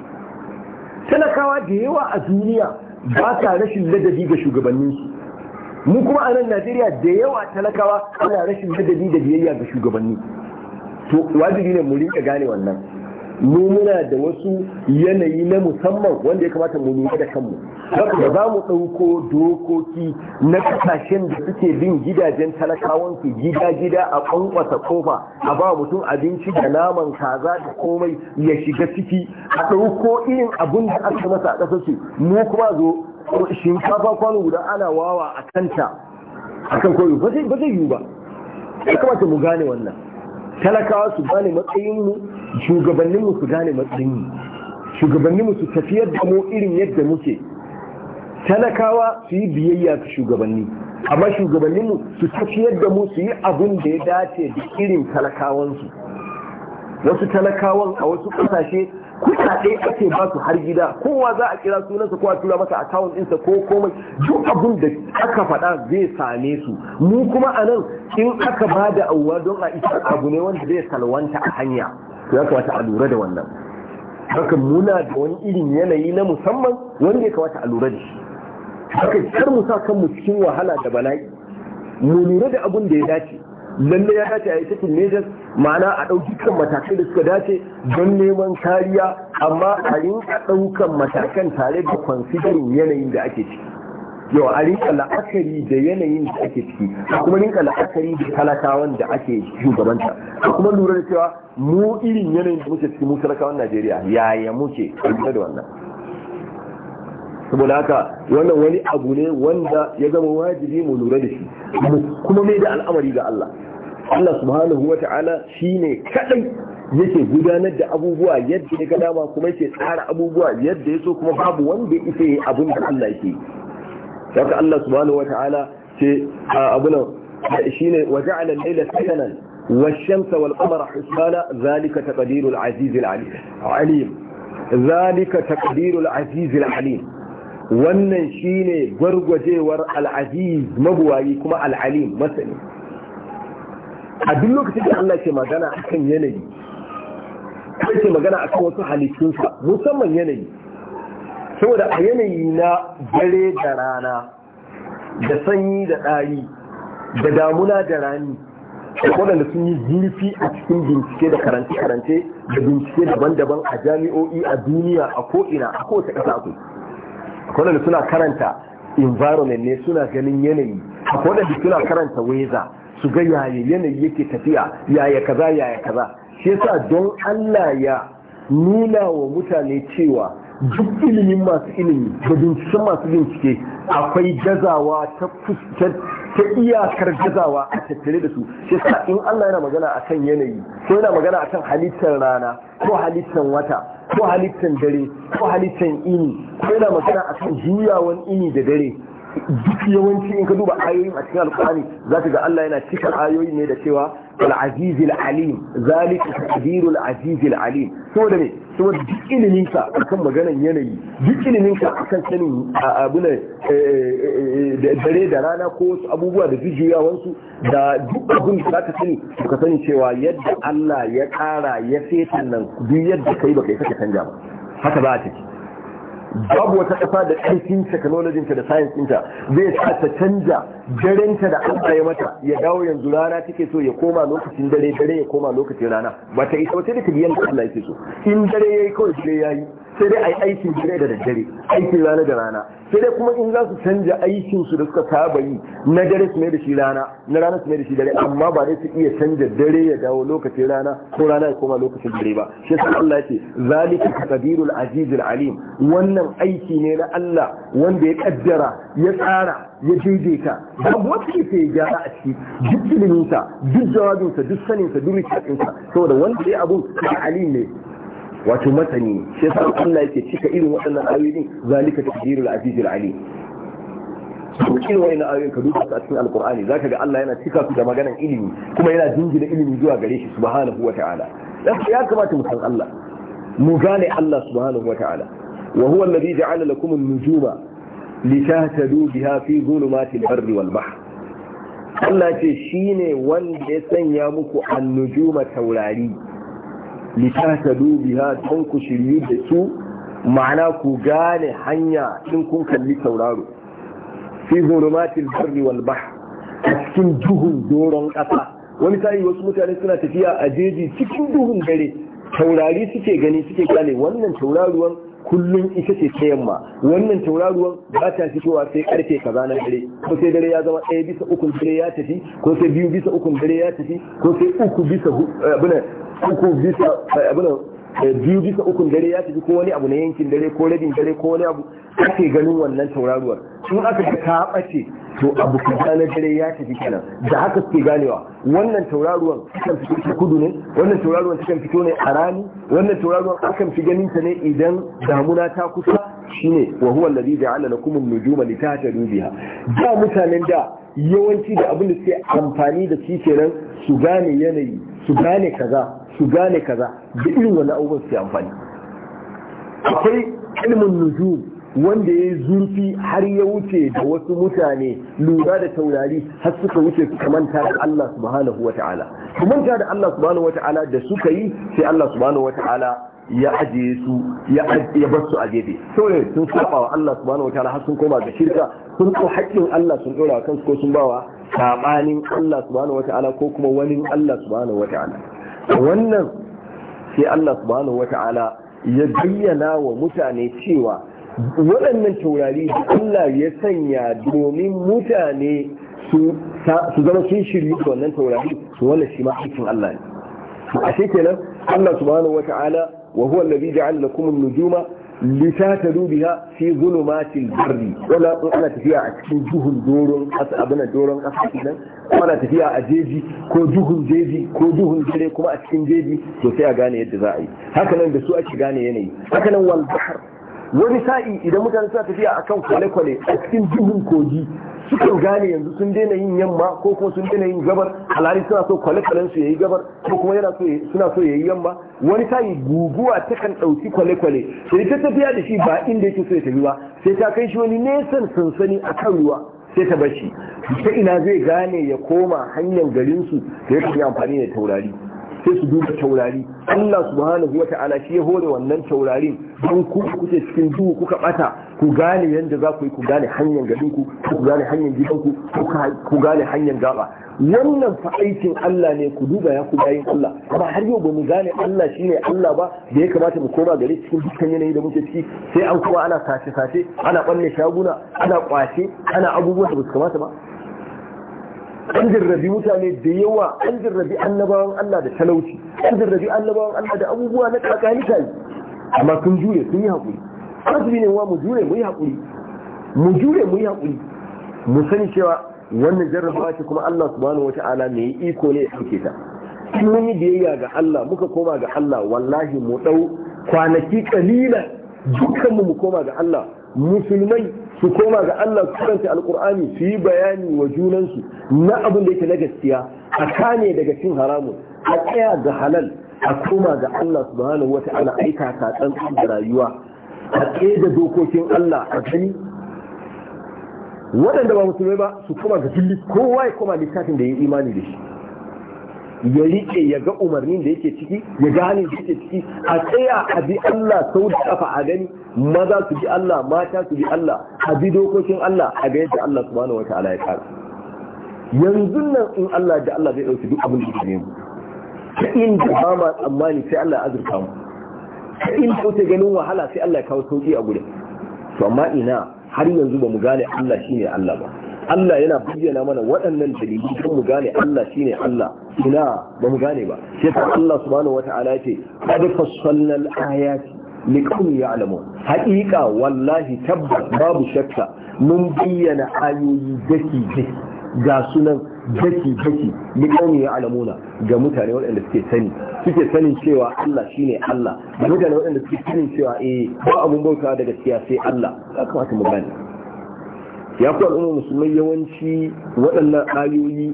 talakawa da yawa a duniya ba sa rashin ladabi ga shugabanninsu mu kuma a nan najeriya da yawa talakawa ana rashin ladabi da biyayya ga shugabanni to wajibi ne mu rinka gane wannan mu muna da wasu yanayi na musamman wanda ya kamata mu lura da kanmu ba za mu ɗauko dokoki na kasashen da suke bin gidajen talakawan su gida gida a kwankwasa kofa a ba mutum abinci da naman kaza da komai ya shiga ciki a ɗauko irin abin da aka masa a ƙasar mu kuma zo shinkafa kwano guda ana wawa a kanta akan koyo ba zai yiwu ba ya kamata mu gane wannan talakawa su gane matsayinmu shugabanninmu su gane matsayinmu shugabanninmu su tafiyar da mu irin yadda muke talakawa su yi biyayya ga shugabanni amma shugabanninmu su tafiyar da mu su yi abin da ya dace da irin talakawansu wasu talakawan a wasu kasashe kuɗaɗe ake ba su har gida kowa za a kira sunansa kowa tura masa akawun ɗinsa ko komai duk abin da aka faɗa zai same su mu kuma a nan in aka ba da auwa don a isa abu ne wanda zai salwanta a hanya ya kamata a lura da wannan haka muna da wani irin yanayi na musamman wanda ya kamata a lura da shi haka kar mu sa kanmu cikin wahala da bala'i mu lura da abin da ya dace lalle ya dace a yi cikin measures ma'ana a ɗauki kan matakai da suka dace don neman kariya amma a rinka ɗaukan matakan tare da considering yanayin da ake ciki yau a rinka la'akari da yanayin da ake ciki a kuma rinka la'akari da talakawan da ake shugabanta a kuma lura da cewa mu irin yanayin da muke ciki mu talakawan najeriya yaya muke a da wannan saboda haka wannan wani abu ne wanda ya zama wajibi mu lura da shi kuma mai da al'amari ga Allah Allah subhanahu wa wata'ala shine kadai yake gudanar da abubuwa yadda ya ga dama kuma yake tsara abubuwa yadda ya so kuma babu wanda yake yi abin da Allah yake saka Allah subhanahu wata'ala ce abu nan shine waja'ala al-layla sakanan والشمس والقمر حسبانا ذلك تقدير العزيز العليم ذلك تقدير العزيز العليم wannan shine gwargwajewar al'aziz mabuwayi kuma al'alim masani a duk lokacin da Allah ke magana akan yanayi ke magana akan wasu halittunsa musamman yanayi saboda a yanayi na dare da rana da sanyi da ɗari da damuna da rani waɗanda sun yi zurfi a cikin bincike da karance-karance da bincike daban-daban a jami'o'i a duniya a ko'ina a kowace ƙasa akwai waɗanda suna karanta environment ne suna ganin yanayi waɗanda suna karanta weather su ga yaya yanayi yake tafiya yaya kaza yaya kaza shi yasa don Allah ya nuna wa mutane cewa duk ilimin masu ilimi da binciken masu bincike akwai gazawa ta ta iyakar gazawa a tattare da su shi yasa in Allah yana magana akan yanayi ko yana magana akan halittar rana ko halittar wata ko halittar dare ko halittar ini ko yana magana akan juyawan ini da dare duk yawanci in ka duba ayoyi a cikin alkur'ani za ka ga Allah yana cikin ayoyi ne da cewa al-aziz al-alim zalik taqdir al-aziz al-alim saboda me duk ilimin ka akan maganan yanayi duk ilimin ka akan sanin abu eh, eh, eh, dare da rana ko wasu abubuwa da jijiyawan wansu da duk abin da ka sani ka sani cewa yadda Allah ya kara ya fetan nan duk yadda kai baka yi saka canja ba haka ba a ciki. babu wata ƙasa da ƙarfin technology da science ɗinta zai sa ta canja darenta da an ya mata ya dawo yanzu rana take so ya koma lokacin dare dare ya koma lokacin rana ba ta isa wata da ta biyan Allah yake so in dare yayi kawai dare yayi sai dai ai aikin dare da daddare aikin rana da rana sai dai kuma in za su canja aikin su da suka saba yi na dare su mai da shi rana na rana su mai da shi dare amma ba dai su iya canja dare ya dawo lokacin rana ko rana ya koma lokacin dare ba shi yasa Allah yake zalika taqdirul azizul alim wannan aiki ne na Allah wanda ya kaddara ya tsara ya daidaita babu wata ke sai ya gyara a ciki duk iliminsa duk jawabinsa duk saninsa duk rikicinsa saboda wanda ya abun ya ali ne wato masani shi yasa Allah yake cika irin waɗannan ayoyin zalika taqdirul azizul ali cikin wani ayoyin ka duba su a cikin alqur'ani za ka ga Allah yana cika su da maganan ilimi kuma yana jingina ilimi zuwa gare shi subhanahu wa ta'ala ya kamata mu san Allah mu gane Allah subhanahu wa ta'ala wa huwa alladhi ja'ala lakum an-nujuma dubi biha fi zulumatil barri wal bahr Allah ce shine wanda ya sanya muku annujuma taurari dubi biha don ku shiryu da su ma'ana ku gane hanya in kun kalli tauraro fi zulumatil barri wal bahr cikin duhun doron ƙasa wani sa'i wasu mutane suna tafiya a jeji cikin duhun dare taurari suke gani suke gane wannan tauraruwan kullum ita ce ta yamma wannan tauraruwan ba ta fitowa sai karfe kaza na dare ko sai dare ya zama ɗaya bisa ukun dare ya tafi ko sai biyu bisa ukun dare ya tafi ko sai uku bisa eh, abinan uku bisa eh, biyu bisa ukun dare ya tafi ko wani abu na yankin dare ko rabin dare ko wani abu ake ganin wannan tauraruwar Sun aka ga ta bace to abu kaza na dare ya tafi kenan da haka suke ganewa wannan tauraruwar akan fito ta kudu ne wannan tauraruwar akan fito ne a rani wannan tauraruwar akan fi ganin ta ne idan damuna ta kusa shine wa huwa alladhi ja'ala lakum an-nujuma litahtadu biha da mutanen da yawanci da abin da suke amfani da shi kenan su gane yanayi su gane kaza su gane kaza da irin wani abubuwan su amfani akwai ilimin nuzu wanda ya yi zurfi har ya wuce da wasu mutane lura da taurari har suka wuce suka manta da Allah subhanahu wa ta'ala su manta da Allah subhanahu wa ta'ala da suka yi sai Allah subhanahu wa ta'ala ya ajiye su ya bar su a gefe saboda sun saba wa Allah subhanahu wa ta'ala har sun koma ga shirka sun ko haƙƙin Allah sun dora kansu ko sun bawa sabanin Allah subhanahu wa ta'ala ko kuma wani Allah subhanahu wa ta'ala wannan sai Allah subhanahu wata'ala ya bayyana wa mutane cewa waɗannan taurari Allah ya sanya domin mutane su zama sun shiryu da wannan taurari su wannan shi ma aikin Allah ne a kenan, Allah subhanahu wata'ala wa huwa allazi ja'ala lakum an-nujuma litatalu biha fi zulumatil barri wala ana tafiya a cikin duhun doron kasa abin doron kasa kenan ana tafiya a jeji ko duhun jeji ko duhun dare kuma a cikin jeji to sai a gane yadda za a yi haka nan da su ake gane yanayi haka nan wal wani sa'i idan mutane suna tafiya a kan kwale-kwale a cikin duhun kogi sukan gane yanzu sun daina yin yamma ko kuma sun daina yin gabar alhali suna so kwale-kwalen su yayi gabar ko kuma yana so suna so yayi yamma wani sa'i guguwa ta kan ɗauki kwale-kwale sai ta tafiya da shi ba inda yake so ya tafi ba sai ta kai shi wani nesan sansani a kan ruwa sai ta bashi ta ina zai gane ya koma hanyar garinsu da ya amfani da taurari sai su duba taurari Allah subhanahu wata'ala shi ya hore wannan taurarin don ku kuke cikin duhu kuka bata ku gane yadda za ku yi ku gane hanyar garin ku ku gane hanyar gidan ku ku gane hanyar gaba wannan fa Allah ne ku duba ya ku bayin Allah amma har yau ba mu gane Allah shi ne Allah ba da ya kamata mu koma gari cikin dukkan yanayi da muke ciki sai an kuma ana sace sace ana ɓanne shaguna ana kwace ana abubuwa da ba su kamata ba an jirrabi mutane da yawa an jarrabi annabawan Allah da talauci an jirrabi annabawan Allah da abubuwa na kakalika amma sun jure sun yi haƙuri azumi ne wa mu jure mu yi haƙuri mu jure mu yi haƙuri mu sani cewa wannan jarrabawa ce kuma Allah subhanahu wata'ala mai iko ne ya ɗauke ta in mun yi biyayya ga Allah muka koma ga Allah wallahi mu ɗau kwanaki kalila dukkanmu mu koma ga Allah musulmai su koma ga Allah su karanta alkur'ani su yi bayani wa junansu na abin da yake na gaskiya a kane daga cin haramun a tsaya ga halal a koma ga Allah subhanahu wa ta'ala aika ka tsantsan da rayuwa a tsaye da dokokin Allah a gani waɗanda ba musulmai ba su koma ga filli kowa ya koma littafin da ya imani da shi ya rike ya ga umarnin da yake ciki ya gane halin da yake ciki a tsaya a bi Allah sau da kafa a gani maza su bi Allah mata su bi Allah a bi dokokin Allah a ga yadda Allah subhanahu wataala ya kara yanzu nan in Allah da Allah zai dauki duk abin da ya mu ta da ba ma tsammani sai Allah ya azurta mu ta in da wuce ganin wahala sai Allah ya kawo sauki a gurin to amma ina har yanzu ba mu gane Allah shi ne Allah ba Allah yana bayyana mana waɗannan dalilai don mu gane Allah shine Allah ina ba mu gane ba sai ta Allah subhanahu wata'ala ce qad fassalna al-ayati liqawmin ya'lamun haqiqa wallahi tabbas babu shakka mun bayyana ayoyi daki daki ga sunan daki daki liqawmin ya'lamuna ga mutane waɗanda suke sani suke sanin cewa Allah shine Allah ga mutane waɗanda suke sanin cewa eh ba abun bauta daga gaskiya sai Allah ya kamata mu gane ya ku al'ummar musulmai yawanci waɗannan ayoyi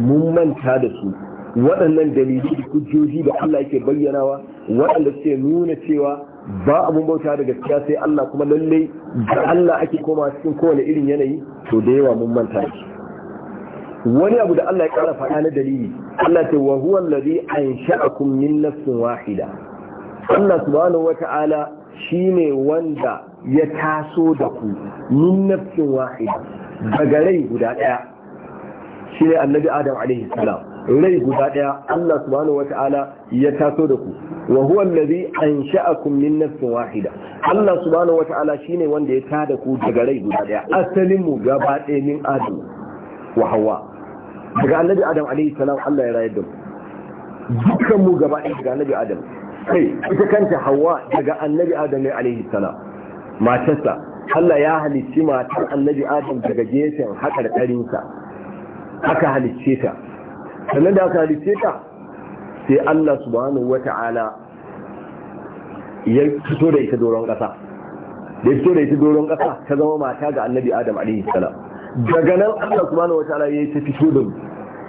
mun manta da su waɗannan dalilin da hujjoji da Allah yake bayyanawa waɗanda suke nuna cewa ba abun bauta da gaskiya sai Allah kuma lallai. da Allah ake koma cikin kowane irin yanayi to da yawa mun manta shi wani abu da Allah ya kara faɗa na dalili Allah ce wa huwa allazi ansha'akum min nafsin wahida Allah subhanahu wata'ala shine wanda ya taso da ku min nafsin wahida daga rai guda daya shi ne annabi adam alaihi salam rai guda daya Allah subhanahu wata'ala ya taso da ku wa huwa allazi ansha'akum min nafsin wahida Allah subhanahu wata'ala shine wanda ya tada ku daga rai guda daya asalin mu gaba min adam wa hawa daga annabi adam alaihi salam Allah ya rayar da mu dukkan mu gaba daga annabi adam kai ita kanta hawa daga annabi adam ne alaihi salam matarsa Allah ya halicci matar annabi Adam daga gefen haƙarƙarinsa aka halicce ta sannan da aka halicce ta sai Allah subhanahu wata'ala ya fito da ita doron ƙasa da ya fito da ita doron ƙasa ta zama mata ga annabi Adam alaihi salam daga nan Allah subhanahu wata'ala ya ta fito da mu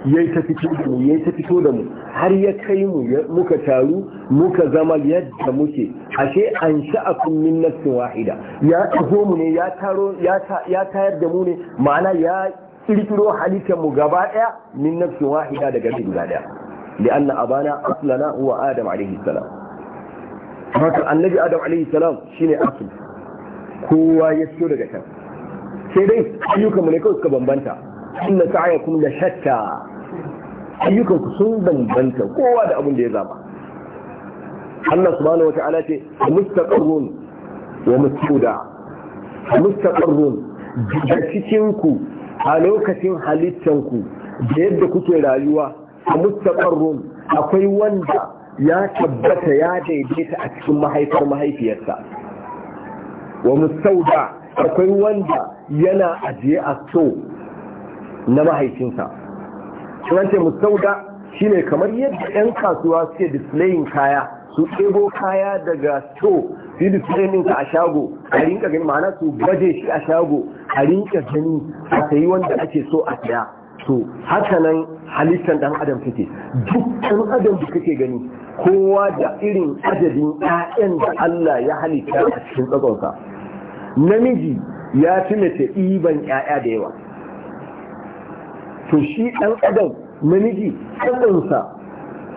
ya ta fito da mu ya ta fito da mu har ya kai mu muka taru muka zama yadda muke ashe an sha'afin min nafsin wahida ya taho mu ne ya taro ya tayar da mu ne ma'ana ya kirkiro halittar mu gaba daya min nafsin wahida daga shi guda daya لأن أبانا أصلنا هو آدم عليه السلام haka annabi adam alaihi salam shine asul kowa ya fito daga can sai dai ayyukan mu ne kawai suka bambanta inna sa'yakum la shatta ayyukan ku sun bambanta kowa da abin da ya zaba Allah subhanahu wata'ala ce mustaqarrun wa mustuda mustaqarrun da cikin ku a lokacin halittan ku da yadda kuke rayuwa a mustaqarrun akwai wanda ya tabbata ya daidaita a cikin mahaifar mahaifiyarsa wa mustauda akwai wanda yana ajiye a so na mahaifinsa an musauda shine kamar yadda 'yan kasuwa suke displayin kaya su ɗebo kaya daga to su display ka a shago a rinka gani ma'ana su baje shi a shago a rinka gani a sayi wanda ake so a saya to haka nan halittar ɗan adam take duk ɗan adam da kake gani kowa da irin adadin 'ya'yan da Allah ya halitta a cikin tsakonsa namiji ya fi mace ɗiban 'ya'ya da yawa to shi ɗan adam namiji ɗanɗansa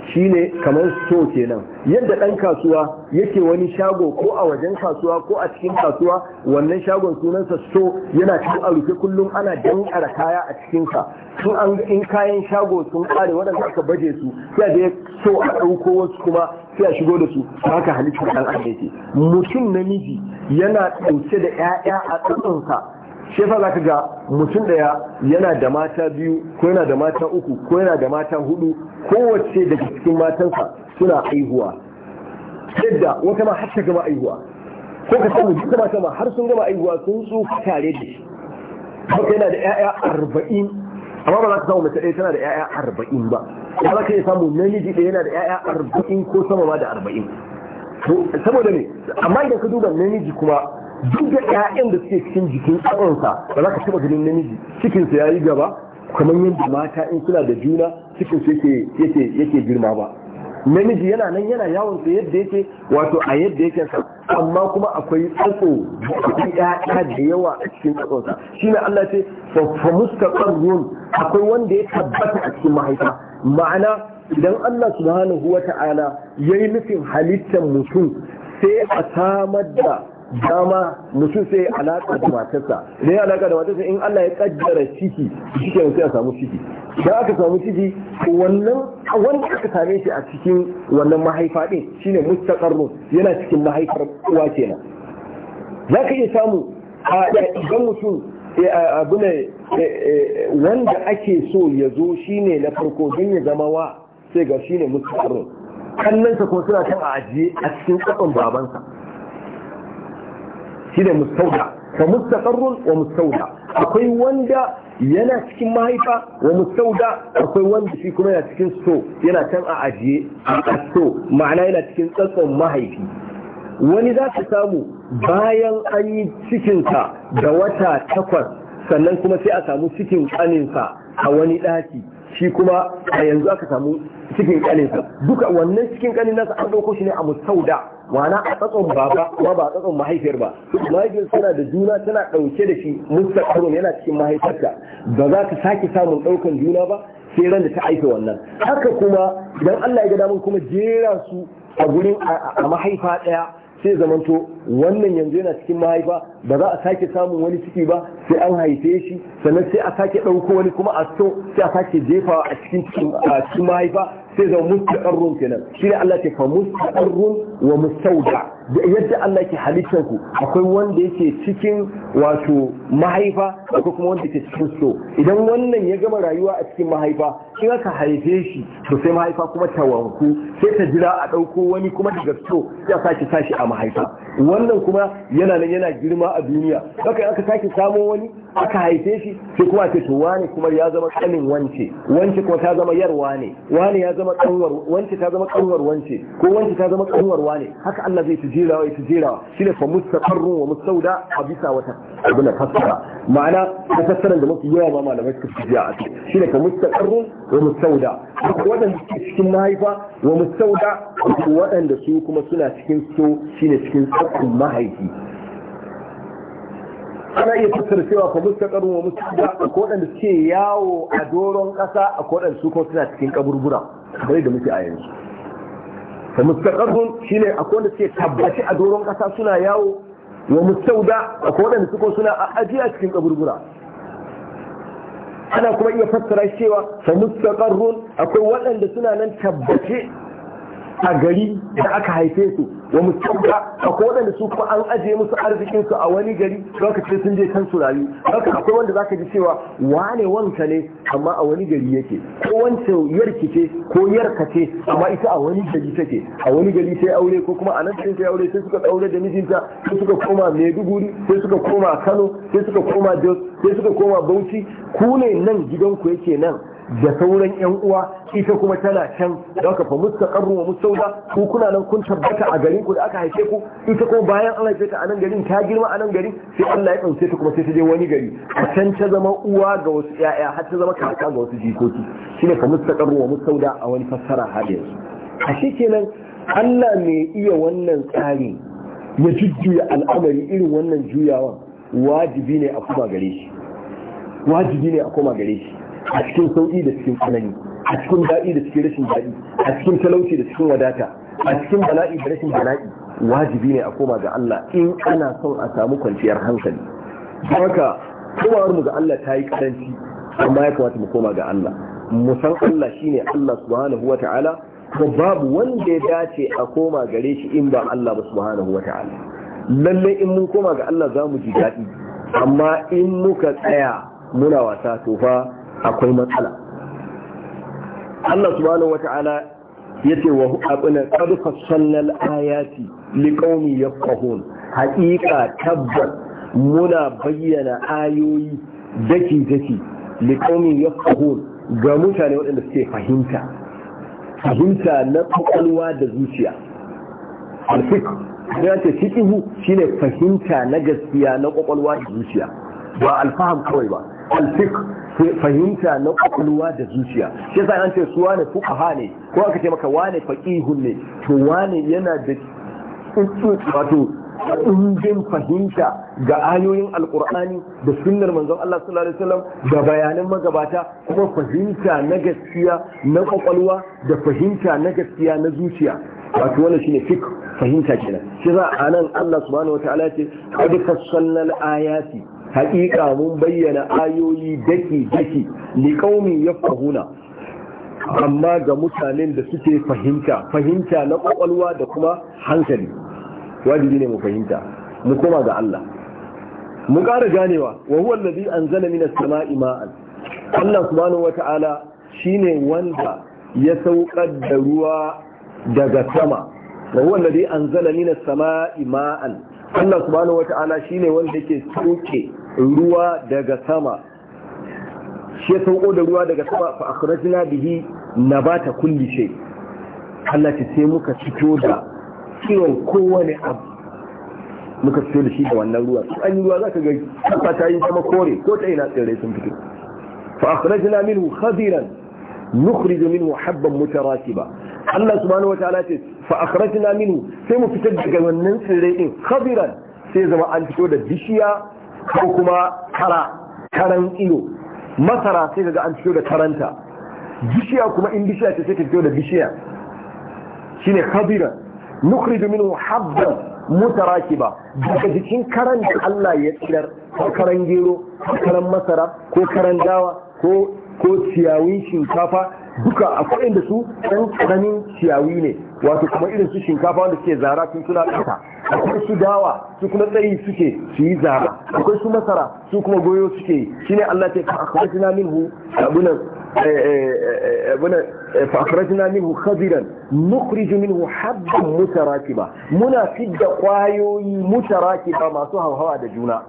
shi ne kamar so kenan yadda ɗan kasuwa yake wani shago ko a wajen kasuwa ko a cikin kasuwa wannan shagon sunansa so yana cikin a rufe kullum ana dankara kaya a cikinsa sun an in kayan shago sun kare waɗanda aka baje su sai da ya so a ɗauko wasu kuma sai a shigo da su haka halittar ɗan adam yake mutum namiji yana ɗauke da 'ya'ya a tsatsansa shi yasa zaka ga mutum daya yana da mata biyu ko yana da mata uku ko yana da mata hudu kowace da cikin matansa suna aihuwa yadda wata ma har ta gama aihuwa ko ka samu duka mata ma har sun gama aihuwa sun tsufa tare da shi haka yana da 'ya'ya arba'in amma ba za ka samu mace ɗaya tana da 'ya'ya arba'in ba ya za ka iya samu namiji ɗaya yana da 'ya'ya arba'in ko sama ma da arba'in saboda ne amma idan ka duba namiji kuma duk da da suke cikin jikin ƙafansa ba za ka taɓa ganin namiji cikinsa ya yi gaba kamar yadda mata in suna da juna cikinsa yake girma ba namiji yana nan yana yawon sa yadda yake wato a yadda yake sa amma kuma akwai tsatso yaya da yawa a cikin tsatson shine Allah ce fa mustaqarrun akwai wanda ya tabbata a cikin mahaifa ma'ana idan Allah subhanahu ya yi nufin halittar mutum sai a samar da dama mutum sai alaƙa da matarsa da ya alaƙa da matarsa in Allah ya kaddara ciki ke sai a samu ciki da aka samu ciki wannan wanda aka same shi a cikin wannan mahaifa din shine mustaqarru yana cikin mahaifar uwa kenan za ka iya samu a idan mutum abu wanda ake so ya zo shine na farko don ya zama wa sai ga shine mustaqarru kallon sa kuma suna kan a ajiye a cikin kafan babansa shine mustauda fa mustaqarrun wa mustauda akwai wanda yana cikin mahaifa wa mustauda akwai wanda shi kuma yana cikin so yana can a ajiye a so ma'ana yana cikin tsatson mahaifi wani za ka samu bayan an yi cikinsa da wata takwas sannan kuma sai a samu cikin kaninsa a wani ɗaki shi kuma a yanzu aka samu cikin kaninsa duka wannan cikin kanin nasa an ɗauko shi ne a mustauda ma'ana a tsatson baba kuma ba a tsatson mahaifiyar ba mahaifiyar suna da juna tana ɗauke da shi mustaqarun yana cikin mahaifarta ba za ka sake samun ɗaukan juna ba sai ran da ta aika wannan haka kuma idan Allah ya ga damun kuma jera su a gurin a mahaifa ɗaya sai zamanto wannan yanzu yana cikin mahaifa ba za a sake samun wani ciki ba sai an haife shi sannan sai a sake ɗauko wani kuma a so sai a sake jefawa a cikin mahaifa sai zama mustaqarrun kenan shi ne Allah ke fa mustaqarrun wa mustauda yadda Allah ke halittar ku akwai wanda yake cikin wato mahaifa akwai kuma wanda yake cikin so idan wannan ya gama rayuwa a cikin mahaifa in aka haife shi to sai mahaifa kuma ta wanku sai ta jira a ɗauko wani kuma daga so ya sake sashi a mahaifa wannan kuma yana nan yana girma a duniya haka aka sake samo wani aka haife shi sai kuma ce to wane kuma ya zama kanin wance wance kuma ta zama yar wane wane ya zama kanwar wance ta zama kanwar wance ko wance ta zama kanwar wane haka Allah zai ta jerawa ya ta jerawa shine fa mustaqarrun wa mustauda a bisa wata abuna fassara ma'ana ta fassara da mafi yawa ma malamai suka fi a ce. ciki shine fa mustaqarrun wa mustauda waɗanda suke cikin mahaifa wa mustauda wadanda su kuma suna cikin so shine cikin tsakkin mahaifi ana iya fassara cewa fa mustaqarrun wa da ko dan suke yawo a doron kasa a ko dan su ko suna cikin kaburbura bai da muke a yanzu fa mustaqarrun shine akwai da suke tabbaci a doron kasa suna yawo wa mustauda a ko dan su ko suna a ajiya a cikin kaburbura ana kuma iya fassara cewa fa mustaqarrun akwai waɗanda suna nan tabbace a gari da aka haife su wa musamman a kowaɗanda su kuma an ajiye musu arzikinsu a wani gari lokacin sun je can su rayu haka akwai wanda zaka ji cewa wane wanka ne amma a wani gari yake ko wance yar ko yarka ce amma ita a wani gari take a wani gari sai aure ko kuma a nan sai aure sai suka aure da mijinta sai suka koma Maiduguri sai suka koma Kano sai suka koma Jos sai suka koma Bauchi ku ne nan gidan ku yake nan da sauran yan uwa ita kuma tana can da aka suka karu wa Sauda, ko kuna nan kun tabbata a garin ku da aka haife ku ita kuma bayan an haife ta a nan garin ta girma a nan garin sai Allah ya dauke ta kuma sai ta je wani gari a can ta zama uwa ga wasu yaya har ta zama kaka ga wasu jikoki shine fa karu wa Sauda a wani fassara har yanzu a shi kenan Allah mai iya wannan tsari ya jujjuya al'amari irin wannan juyawan wajibi ne a kuma gare shi wajibi ne a kuma gare shi a cikin sauƙi da cikin tsanani a cikin daɗi da cikin rashin daɗi a cikin talauci da cikin wadata a cikin bala'i da rashin bala'i wajibi ne a koma ga Allah in ana son a samu kwanciyar hankali don haka kowar mu ga Allah ta yi karanci amma ya kamata mu koma ga Allah mu san Allah shine Allah subhanahu wata'ala ko babu wanda ya dace a koma gare shi in ba Allah ba subhanahu wata'ala lalle in mun koma ga Allah za mu ji daɗi amma in muka tsaya muna wasa to fa akwai matsala Allah subhanahu ya ce wa abuna qad fassalna al-ayati liqaumin yafqahun haqiqa tabbas muna bayyana ayoyi daki daki ya yafqahun ga mutane waɗanda suke fahimta fahimta na ƙwaƙwalwa da zuciya alfiq da ce shine fahimta na gaskiya na ƙwaƙwalwa da zuciya ba alfaham kawai ba alfik fahimta na kwakwalwa da zuciya shi yasa an ce su wane fuqaha ne ko aka ce maka wane faqihun ne to wane yana da wato ɗumbin fahimta ga ayoyin alkur'ani da sunnar manzon Allah sallallahu alaihi wasallam da bayanan magabata kuma fahimta na gaskiya na kwakwalwa da fahimta na gaskiya na zuciya wato wannan shine fik fahimta kenan shi za a nan Allah subhanahu wataala ce qad fassalna al-ayati haƙiƙa mun bayyana ayoyi daki daki li ya fahuna. amma ga mutanen da suke fahimta fahimta na kwakwalwa da kuma hankali wajibi ne mu fahimta mu koma ga Allah mu ƙara ganewa wa huwa allazi anzala minas sama'i ma'an Allah subhanahu wata'ala shine wanda ya saukar da ruwa daga sama wa huwa allazi anzala minas sama'i ma'an Allah subhanahu wata'ala shine wanda yake soke. ruwa daga sama shi ya sauko da ruwa daga sama fa akhrajna bihi nabata kulli shay Allah ce sai muka fito da kiwon kowane abu muka fito da shi da wannan ruwa an yi ruwa zaka ga kafa ta yi sama kore ko ta ina tsere sun fito fa akhrajna minhu khadiran nukhrij minhu habban mutaratiba Allah subhanahu wataala ce fa akhrajna minhu sai mu fitar daga wannan tsirrai din khadiran sai zama an fito da bishiya ko kuma kara karan ido masara sai daga an fito da karanta bishiya kuma in bishiya ce sai ta fito da bishiya shine khabira nukhriju minhu habban mutarakiba daga jikin karan da Allah ya tsirar ko karan gero ko karan masara ko karan dawa ko ko ciyawin shinkafa duka akwai inda su ɗan karamin ciyawi ne wato kuma irin su shinkafa wanda suke zara tun suna ɗauka akwai su dawa su kuma tsayi suke su yi zara akwai su masara su kuma goyo suke shine Allah ce fa akhrajna minhu abunan eh, eh, eh, abunan fa minhu khadiran nukhrij minhu habban mutarakiba muna fidda kwayoyi mutarakiba masu hauhawa da juna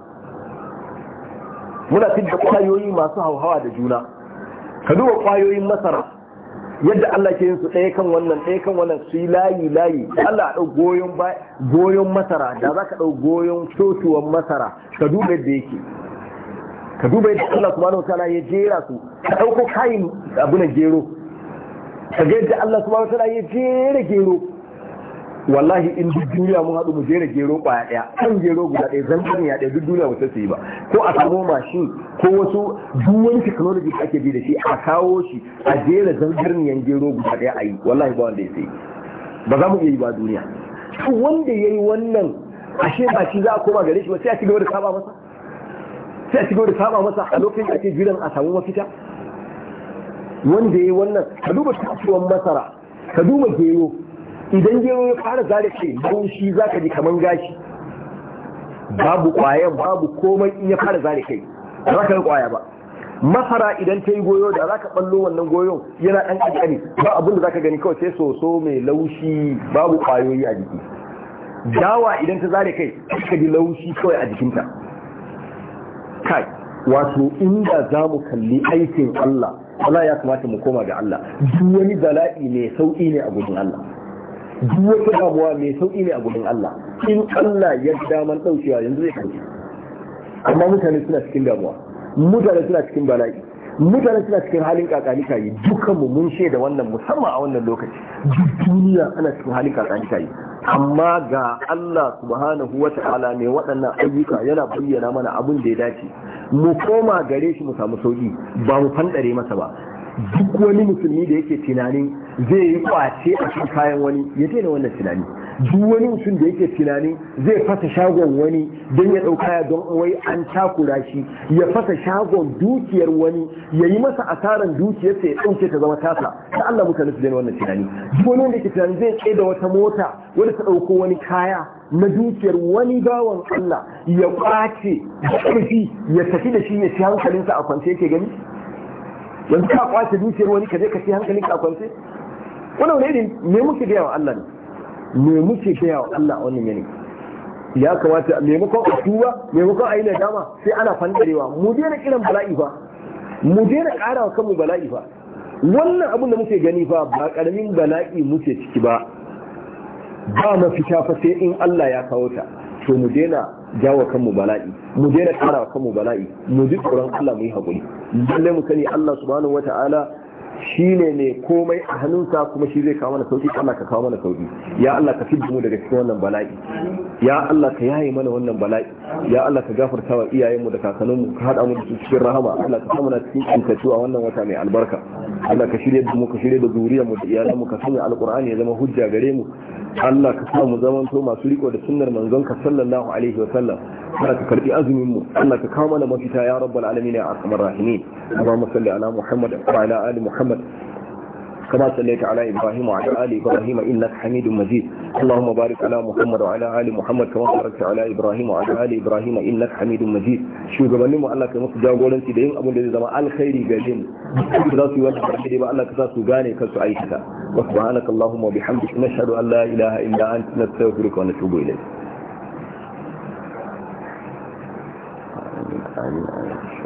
muna fidda kwayoyi masu hauhawa da juna ka duba kwayoyin masara yadda Allah ke yin su ɗaya kan wannan ɗaya kan wannan su yi layi layi Allah ɗau goyon goyon masara da za ka ɗau goyon cocuwan masara ka duba yadda yake ka duba yadda Allah subhanahu wataala ya jera su ka ɗauko kayan abu na gero ka ga yadda Allah subhanahu wataala ya jera gero wallahi in duk duniya mun haɗu mu jera gero ƙwaya ɗaya kan gero guda ɗaya zanzan ya ɗaya duk duniya ba ta yi ba ko a samo mashin ko wasu duk wani technology da ake bi da shi a kawo shi a jera yan gero guda ɗaya a yi wallahi ba wanda ya sai ba za mu iya yi ba duniya wanda ya yi wannan ashe ba shi za a koma gare shi ba sai a cigaba da saba masa sai a cigaba da saba masa a lokacin da ake jiran a samu mafita wanda ya yi wannan ka duba kasuwan masara ka duba gero idan gero ya fara zara ce laushi za ka ji kamar gashi babu kwayan babu komai in ya fara zara kai za ka yi kwaya ba masara idan ta yi goyo da za ka ɓallo wannan goyon yana ɗan ƙanƙani ba abin da za ka gani kawai sai soso mai laushi babu kwayoyi a jiki dawa idan ta zare kai ka ji laushi kawai a jikinta kai wato inda za mu kalli aikin Allah allah ya kamata mu koma ga Allah duk wani bala'i mai sauƙi ne a gudun Allah duk wata damuwa mai sauƙi ne a gurin Allah in Allah ya daman ɗaukewa yanzu zai kanci amma mutane suna cikin damuwa mutane suna cikin bala'i mutane suna cikin halin kakani kayi dukanmu mun shaida wannan musamman a wannan lokaci duk duniya ana cikin halin kakani kayi amma ga Allah subhanahu wa ta'ala mai waɗannan ayyuka yana bayyana mana abin da ya dace mu koma gare shi mu samu sauki ba mu fanɗare masa ba duk wani musulmi da yake tunanin zai yi kwace a cikin kayan wani ya daina wannan tunani duk wani mutum da yake tunanin zai fasa shagon wani don ya ɗauka ya don wai an takura shi ya fasa shagon dukiyar wani ya yi masa asaran dukiyar sai ya ɗauke ta zama tasa ta Allah mutane su daina wannan tunani duk wani da yake tunanin zai tsaye da wata mota wanda ta ɗauko wani kaya na dukiyar wani bawan Allah ya kwace ƙarfi ya tafi da shi ya ci hankalinsa a kwance yake gani yanzu ka kwace dukiyar wani ka je ka ci hankalin ka kwance wannan wani irin me muke gaya wa Allah ne me muke gaya wa Allah a wannan yanayi ya kamata maimakon a tuba maimakon a yi nadama sai ana fandarewa mu daina kiran bala'i fa mu daina ƙara wa kanmu bala'i fa wannan abin da muke gani fa ba ƙaramin bala'i muke ciki ba ba mafita fa sai in Allah ya kawo ta to mu daina jawo kanmu bala'i mu daina kara kanmu bala'i mu ji tsoron Allah mu yi hakuri lalle mu sani Allah subhanahu wata'ala shi ne mai komai a hannunsa kuma shi zai kawo mana sauki Allah ka kawo mana sauki ya Allah ka fidda mu daga cikin wannan bala'i ya Allah ka yaye mana wannan bala'i ya Allah ka gafarta wa iyayenmu da kakanninmu ka hada mu da cikin rahama Allah ka samu na cikin kintatu a wannan wata mai albarka Allah ka shirye mu ka shirye da zuriyarmu da iyalanmu ka sanya alqur'ani ya zama hujja gare mu Allah ka samu zaman to masu riko da sunnar manzon ka sallallahu alaihi wa sallam Allah ka karbi azumin mu Allah ka kawo mana mafita ya rabbal alamin ya arhamar rahimin Allahumma salli ala Muhammad wa ala ali Muhammad كما صليت على إبراهيم وعلى آل إبراهيم إنك حميد مجيد اللهم بارك على محمد وعلى آل محمد كما باركت على إبراهيم وعلى آل إبراهيم إنك حميد مجيد شو قبل mu Allah kai musu jagoranci da yin abin da zai zama alkhairi ga jin su za su yi wannan alkhairi ba Allah ka sa su gane kan su aikata wa subhanaka allahumma wa bihamdika nashhadu an la